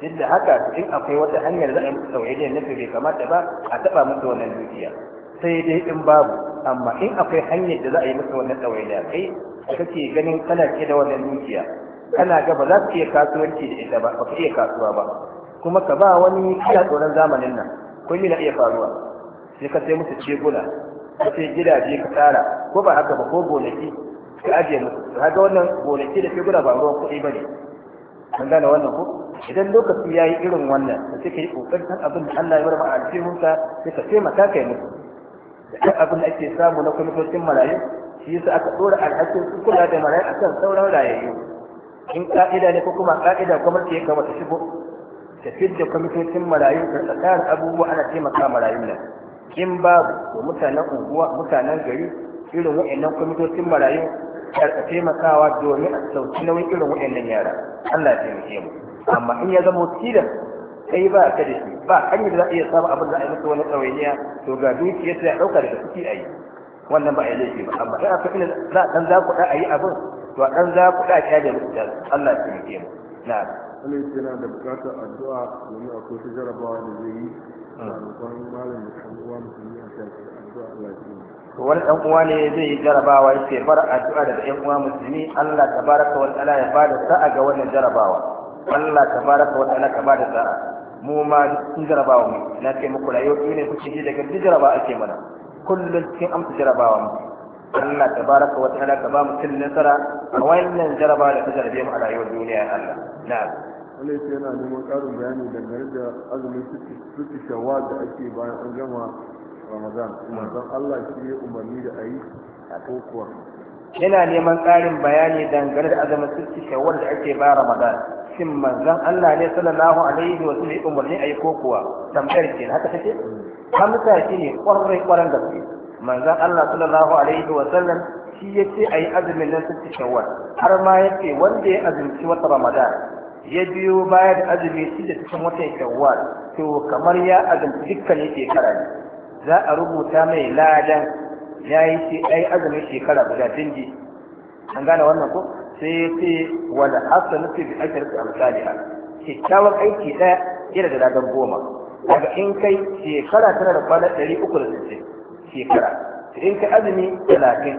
duk da haka in akwai wata hanyar za a yi musu ɗawainiyar na bai kamata ba a taɓa musu wannan dukiya sai dai in babu amma in akwai hanyar da za a yi musu wannan ɗawainiya kai da kake ganin kana ke da wannan dukiya kana ga ba za su iya kasuwanci da ita ba ba ka iya kasuwa ba kuma ka ba wani kiyar tsoron zamanin nan kun na iya faruwa sai ka sai musu ceguna ka sai gidaje ka tsara ko ba haka ba ko gonaki ka ajiye musu ka wannan gonaki da ceguna ba ruwan kuɗi ba ne an gane wannan ko idan lokaci ya yi irin wannan da suka yi ƙoƙarin abin da Allah ya bar a ka sai ka sai taimaka kai musu da abin da ake samu na kwamitocin marayu shi yasa aka ɗora alhakin kula da marayu a kan sauran rayayyu in ka'ida ne ko kuma ka'ida gwamnati ya kamata shigo ta fidda kwamitocin marayu da tsakanin abubuwa ana taimaka marayun nan in babu to mutanen unguwa mutanen gari irin wa'annan kwamitocin marayu karka taimakawa domin a sauki nauyin irin wa'annan yara Allah ya taimake mu amma in ya zama tilas kai ba ka da shi ba hanyar da za a iya samun abin da a yi masa wani tsawainiya to ga dukiyar sai a ɗauka daga kuɗi a yi wannan ba a yi laifi ba amma in a ina za a ɗan za ku a yi abin to a ɗan za ku ɗaƙa da musu Allah ya taimake mu na Allah ya yana da bukatar addu'a domin akwai ta jarabawa da zai yi hmm. a roƙon malam da kan uwa musulmi a shafi addu'a Allah ya taimake to wani ɗan uwa ne zai yi jarabawa ya ce bar addu'a daga ƴan uwa musulmi Allah tabaraka wa ta'ala ya bada sa'a ga wannan jarabawa Allah tabaraka wa ta'ala ka bada sa'a mu ma sun jarabawa mu na ce muku rayuwa ne kuke ji daga duk jarabawa ake mana kullum cikin amsa jarabawa mu Allah tabaraka wa ta'ala ka ba mu cin nasara a wannan jaraba da ta jarabe mu a rayuwar duniya Allah na'am wani ce yana neman ƙarin bayani dangane da azumin suti shawa da ake bayan an gama ramadan manzon Allah shi ya umarni da ayi ko kuwa yana neman ƙarin bayani dangane da azumin suti shawa da ake bayan ramadan shin manzon Allah ne sallallahu alaihi wa sallam umarni ayi ko kuwa tambayar ke haka take hamsa mm. shine ƙwarai ƙwaran gaske Manzan Allah sallallahu alaihi wa sallam shi ya ce a yi azumin nan cikin shawwal har ma ya ce wanda ya azumci wata ramadan ya biyo baya da azumi shi da cikin wata shawwal to kamar ya azumci dukkan shekara ne za a rubuta mai ladan ya yi ce ai azumin shekara guda dingi an gane wannan ko sai ya ce wala hasanatu bi ajrika amsalha kikkiawan aiki ɗaya yana da ladan goma daga in kai shekara tana da kwana ɗari uku da sittin shekara in ka azumi talatin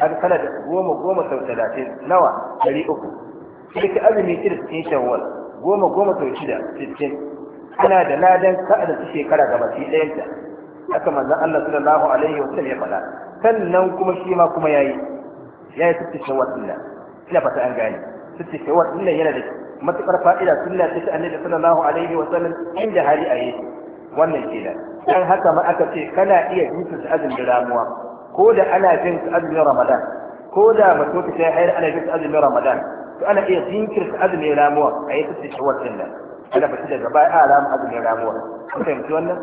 an kana da goma goma sau talatin nawa ɗari uku sai ka azumi shida cikin shawwal goma goma sau shida sittin ana da ladan ka da su shekara gaba ki ɗayanta haka manzon Allah sallallahu alaihi wa sallam ya faɗa sannan kuma shi ma kuma yayi yayi sitti shawwal din ina fata an gane sitti shawwal din yana da matukar fa'ida sunna ta annabi sallallahu alaihi wa sallam inda hari a yi wannan kenan dan haka ma aka ce kana iya jinsu azumin ramuwa ko da ana jinsu azumin ramadan ko da mace ta yi hayar ana jinsu azumin ramadan to ana iya jinkirta azumin ramuwa a yi tattace wannan nan ana fita daga baya a ah, ramu azumin ramuwa kun fahimci wannan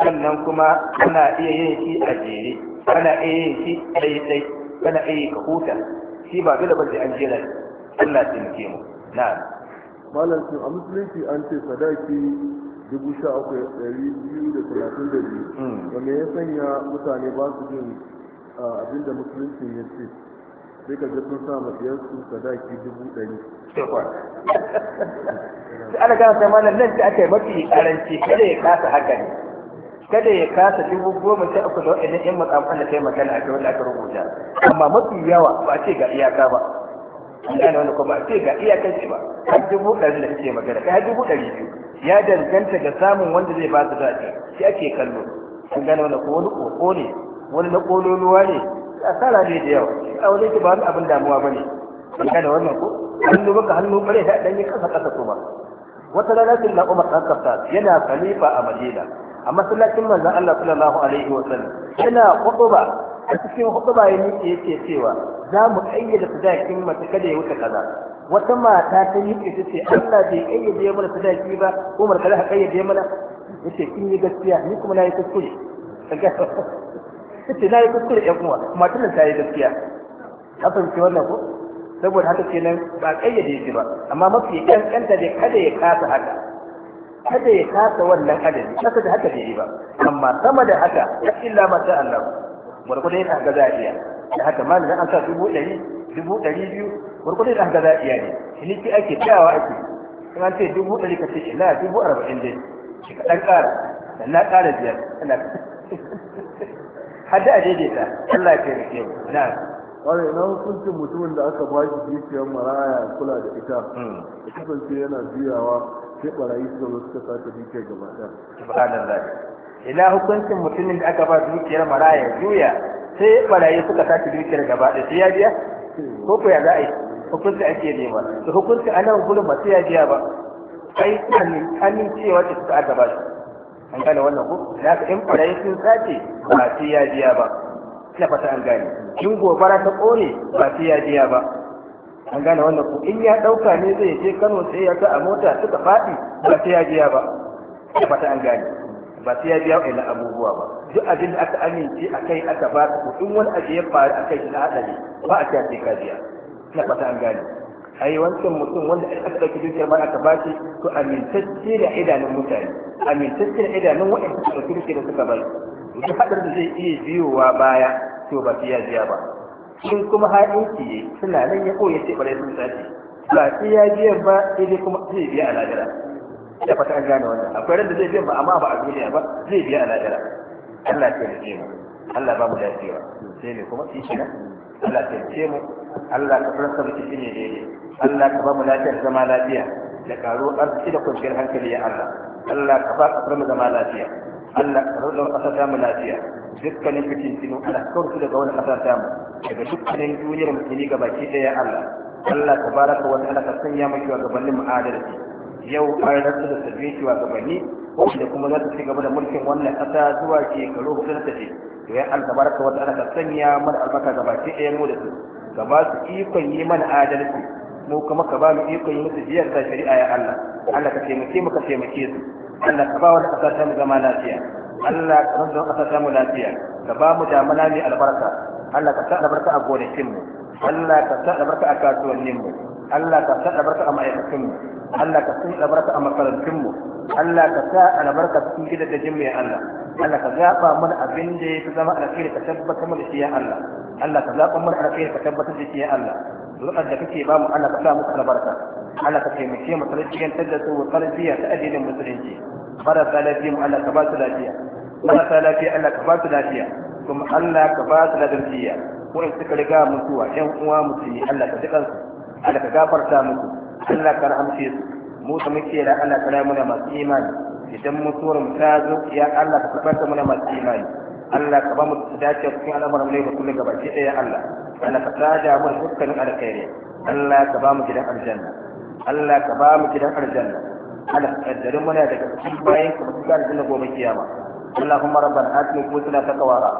sannan kuma ana iya yin shi a jere ana iya yin shi ɗai ɗai ana iya yi ka huta shi ba dole ba sai an jera Allah taimake mu na'am malam a musulunci an ce sadaki dubu sha uku ɗari biyu da talatin da biyu wanda hmm. ya sanya mutane ba su jin ah, abinda musulunci ya ce sai ka sun sa matsayarsu sadaki dubu ɗari. Su ana gana sai nan ta aka yi mafi karanci kada ya kasa haka ne. Kada ya kasa dubu goma sai uku da waɗannan ƴan matsamfan da ta yi magana a da aka rubuta. Amma mafi yawa ba a ce ga iyaka ba. Ina ne wani kuma ba a ce ga iyakar ce ba. Har dubu ɗari da kake magana kai har dubu ɗari biyu. ya danganta ga samun wanda zai ba su zaɓi shi ake kallo an gane wani ko wani koko ne wani na ƙololuwa ne asara ne da yawa a wani ke ba wani abin damuwa ba ne an gane wani ko hannu baka hannu bare da ɗanyi kasa kasa kuma wata rana sun na umar ɗan yana khalifa a madina a masallacin manzan allah sallallahu alaihi wa sallam yana kwaɗo ba a cikin hudu bayan yake yake cewa za mu ƙayyade sadakin mace kada ya wuce kaza wata mata ta yi ta ce Allah bai ƙayyade mana sadaki ba Umar kada ka ƙayyade mana yace kin yi gaskiya ni kuma na yi kuskure kace na kuskure ƴan uwa matar da ta yi gaskiya ka fahimci wannan ko saboda haka kenan ba ƙayyade shi ba amma mafi ƙanƙanta da kada ya kasa haka kada ya kasa wannan adadi kasa da haka bai yi ba amma sama da haka illa ma sha Allah gwargwado yin ga za a iya da haka ma da an sa dubu ɗari dubu ɗari biyu gwargwado yin hanga za a iya ne ciniki ake tsayawa ake in an ce dubu ɗari ka ce na dubu arba'in dai shi ɗan ƙara da na ƙara biyar ana [laughs] da a daidaita Allah ya rike mu na wani na hukuncin mutumin da aka ba shi dukiyar maraya kula da ita da hmm. kasance yana juyawa sai barayi suka zo suka ta dukiyar gaba ɗaya ila hukuncin mutumin da aka ba dukiyar maraya juya sai barayi suka sake dukiyar gaba da sai ya biya ko ko ya za a yi hukunci ake nema da hukunci a nan gudun ba sai ya biya ba kai amincewa ce suka aka ba shi an gane wannan ko da haka in maraya sun sace ba sai ya biya ba na fata an gane in gobara ta kone ba sai ya biya ba an gane wannan ko in ya dauka ne zai je Kano sai ya ga a mota suka faɗi ba sai ya biya ba na fata an gane ba sai ya biya wa'annan abubuwa ba duk abin da aka amince a kai aka ba ka kuɗin wani abu ya faru a kai na haɗari ba a sai ka biya na fata an gane ai wancan mutum wanda aka ɗauki dukiyar ba aka bashi to amintacce da idanun mutane amintacce da idanun waɗanda suka ɗauki dukiyar da suka bai duk haɗar da zai iya biyowa baya to ba sai ya biya ba in kuma haɗinki ciye suna nan ya koya sai ɓarai sun sace ba sai ya biya ba sai dai kuma zai biya a lagara da fata an gane wannan akwai ran da zai biyan ba amma ba a duniya ba zai biya a lahira Allah ya taimake mu Allah ba mu dacewa sai ne kuma shi kenan Allah ya taimake mu Allah ka farsa mu cikin ne daidai Allah ka ba mu lafiyar zama lafiya da karo arziki da kwanciyar hankali ya Allah Allah ka ba ka mu zama lafiya Allah ka rauɗa ƙasa ta mu lafiya dukkanin fitintinu ana kawar daga wani ƙasa ta mu daga dukkanin duniyar musulmi gabaki ɗaya Allah Allah tabaraka wa ta'ala ka sanya mu shugabannin mu adalci yau an rasu da sabbin shugabanni wanda kuma za su ci gaba da mulkin wannan kasa zuwa shekaru hudu na tafi to ya albarka wata ana ka sanya mana albarka gabaki ɗaya mu da su ka ba su ikon yi mana adalci mu kuma ka ba mu ikon yi musu biyar da shari'a ya Allah Allah ka taimake mu ka taimake su Allah ka ba wata ƙasa ta mu zama lafiya Allah ka rasa ƙasa ta mu lafiya ka ba mu damana mai albarka Allah ka sa albarka a gonakin mu Allah ka sa albarka a kasuwannin mu Allah ka sa albarka a ma'aikatunmu Allah ka sa albarka a makarantunmu Allah ka sa albarka cikin gidajen mu ya Allah Allah ka zaba mana abin da ya fi zama alkhairi ka tabbatar mana shi ya Allah Allah ka zaba mana alkhairi ka tabbatar da shi ya Allah lokacin da kake ba mu Allah ka sa muku albarka Allah ka taimake mu tarbiyyar da su wa tarbiyyar ta addinin musulunci marasa lafiya mu Allah ka ba su lafiya marasa lafiya Allah ka ba su lafiya kuma Allah ka ba su lafiya ko in suka riga mutuwa ƴan uwa musulmi Allah ka ji kansu Allah ka gafarta musu Allah ka rahamce su mu da muke da Allah ka rayu muna masu imani idan mutuwar mu ta zo ya Allah ka tabbata muna masu imani Allah ka ba mu dace cikin al'amuran mu ne kullum gabaki ɗaya Allah Allah ka tada mu dukkanin alkhairi Allah ka ba mu gidan aljanna Allah ka ba mu gidan aljanna Allah ka kaddare muna daga cikin bayan ka mutu ga aljanna gobe kiyama اللهم ربنا آتنا نفوسنا تقواها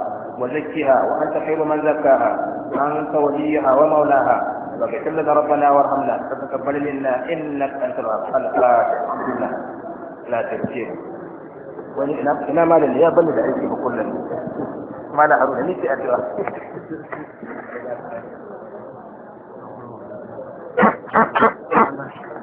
وزكها وأنت خير من زكاها أنت وليها ومولاها بغيت لنا ربنا وارحمنا فتقبل منا انك انت الفاتح الحمد لله لا تنسيه wani ina malin ya bani da aiki ba kullum malam haruna ni ce addu'a Thank you.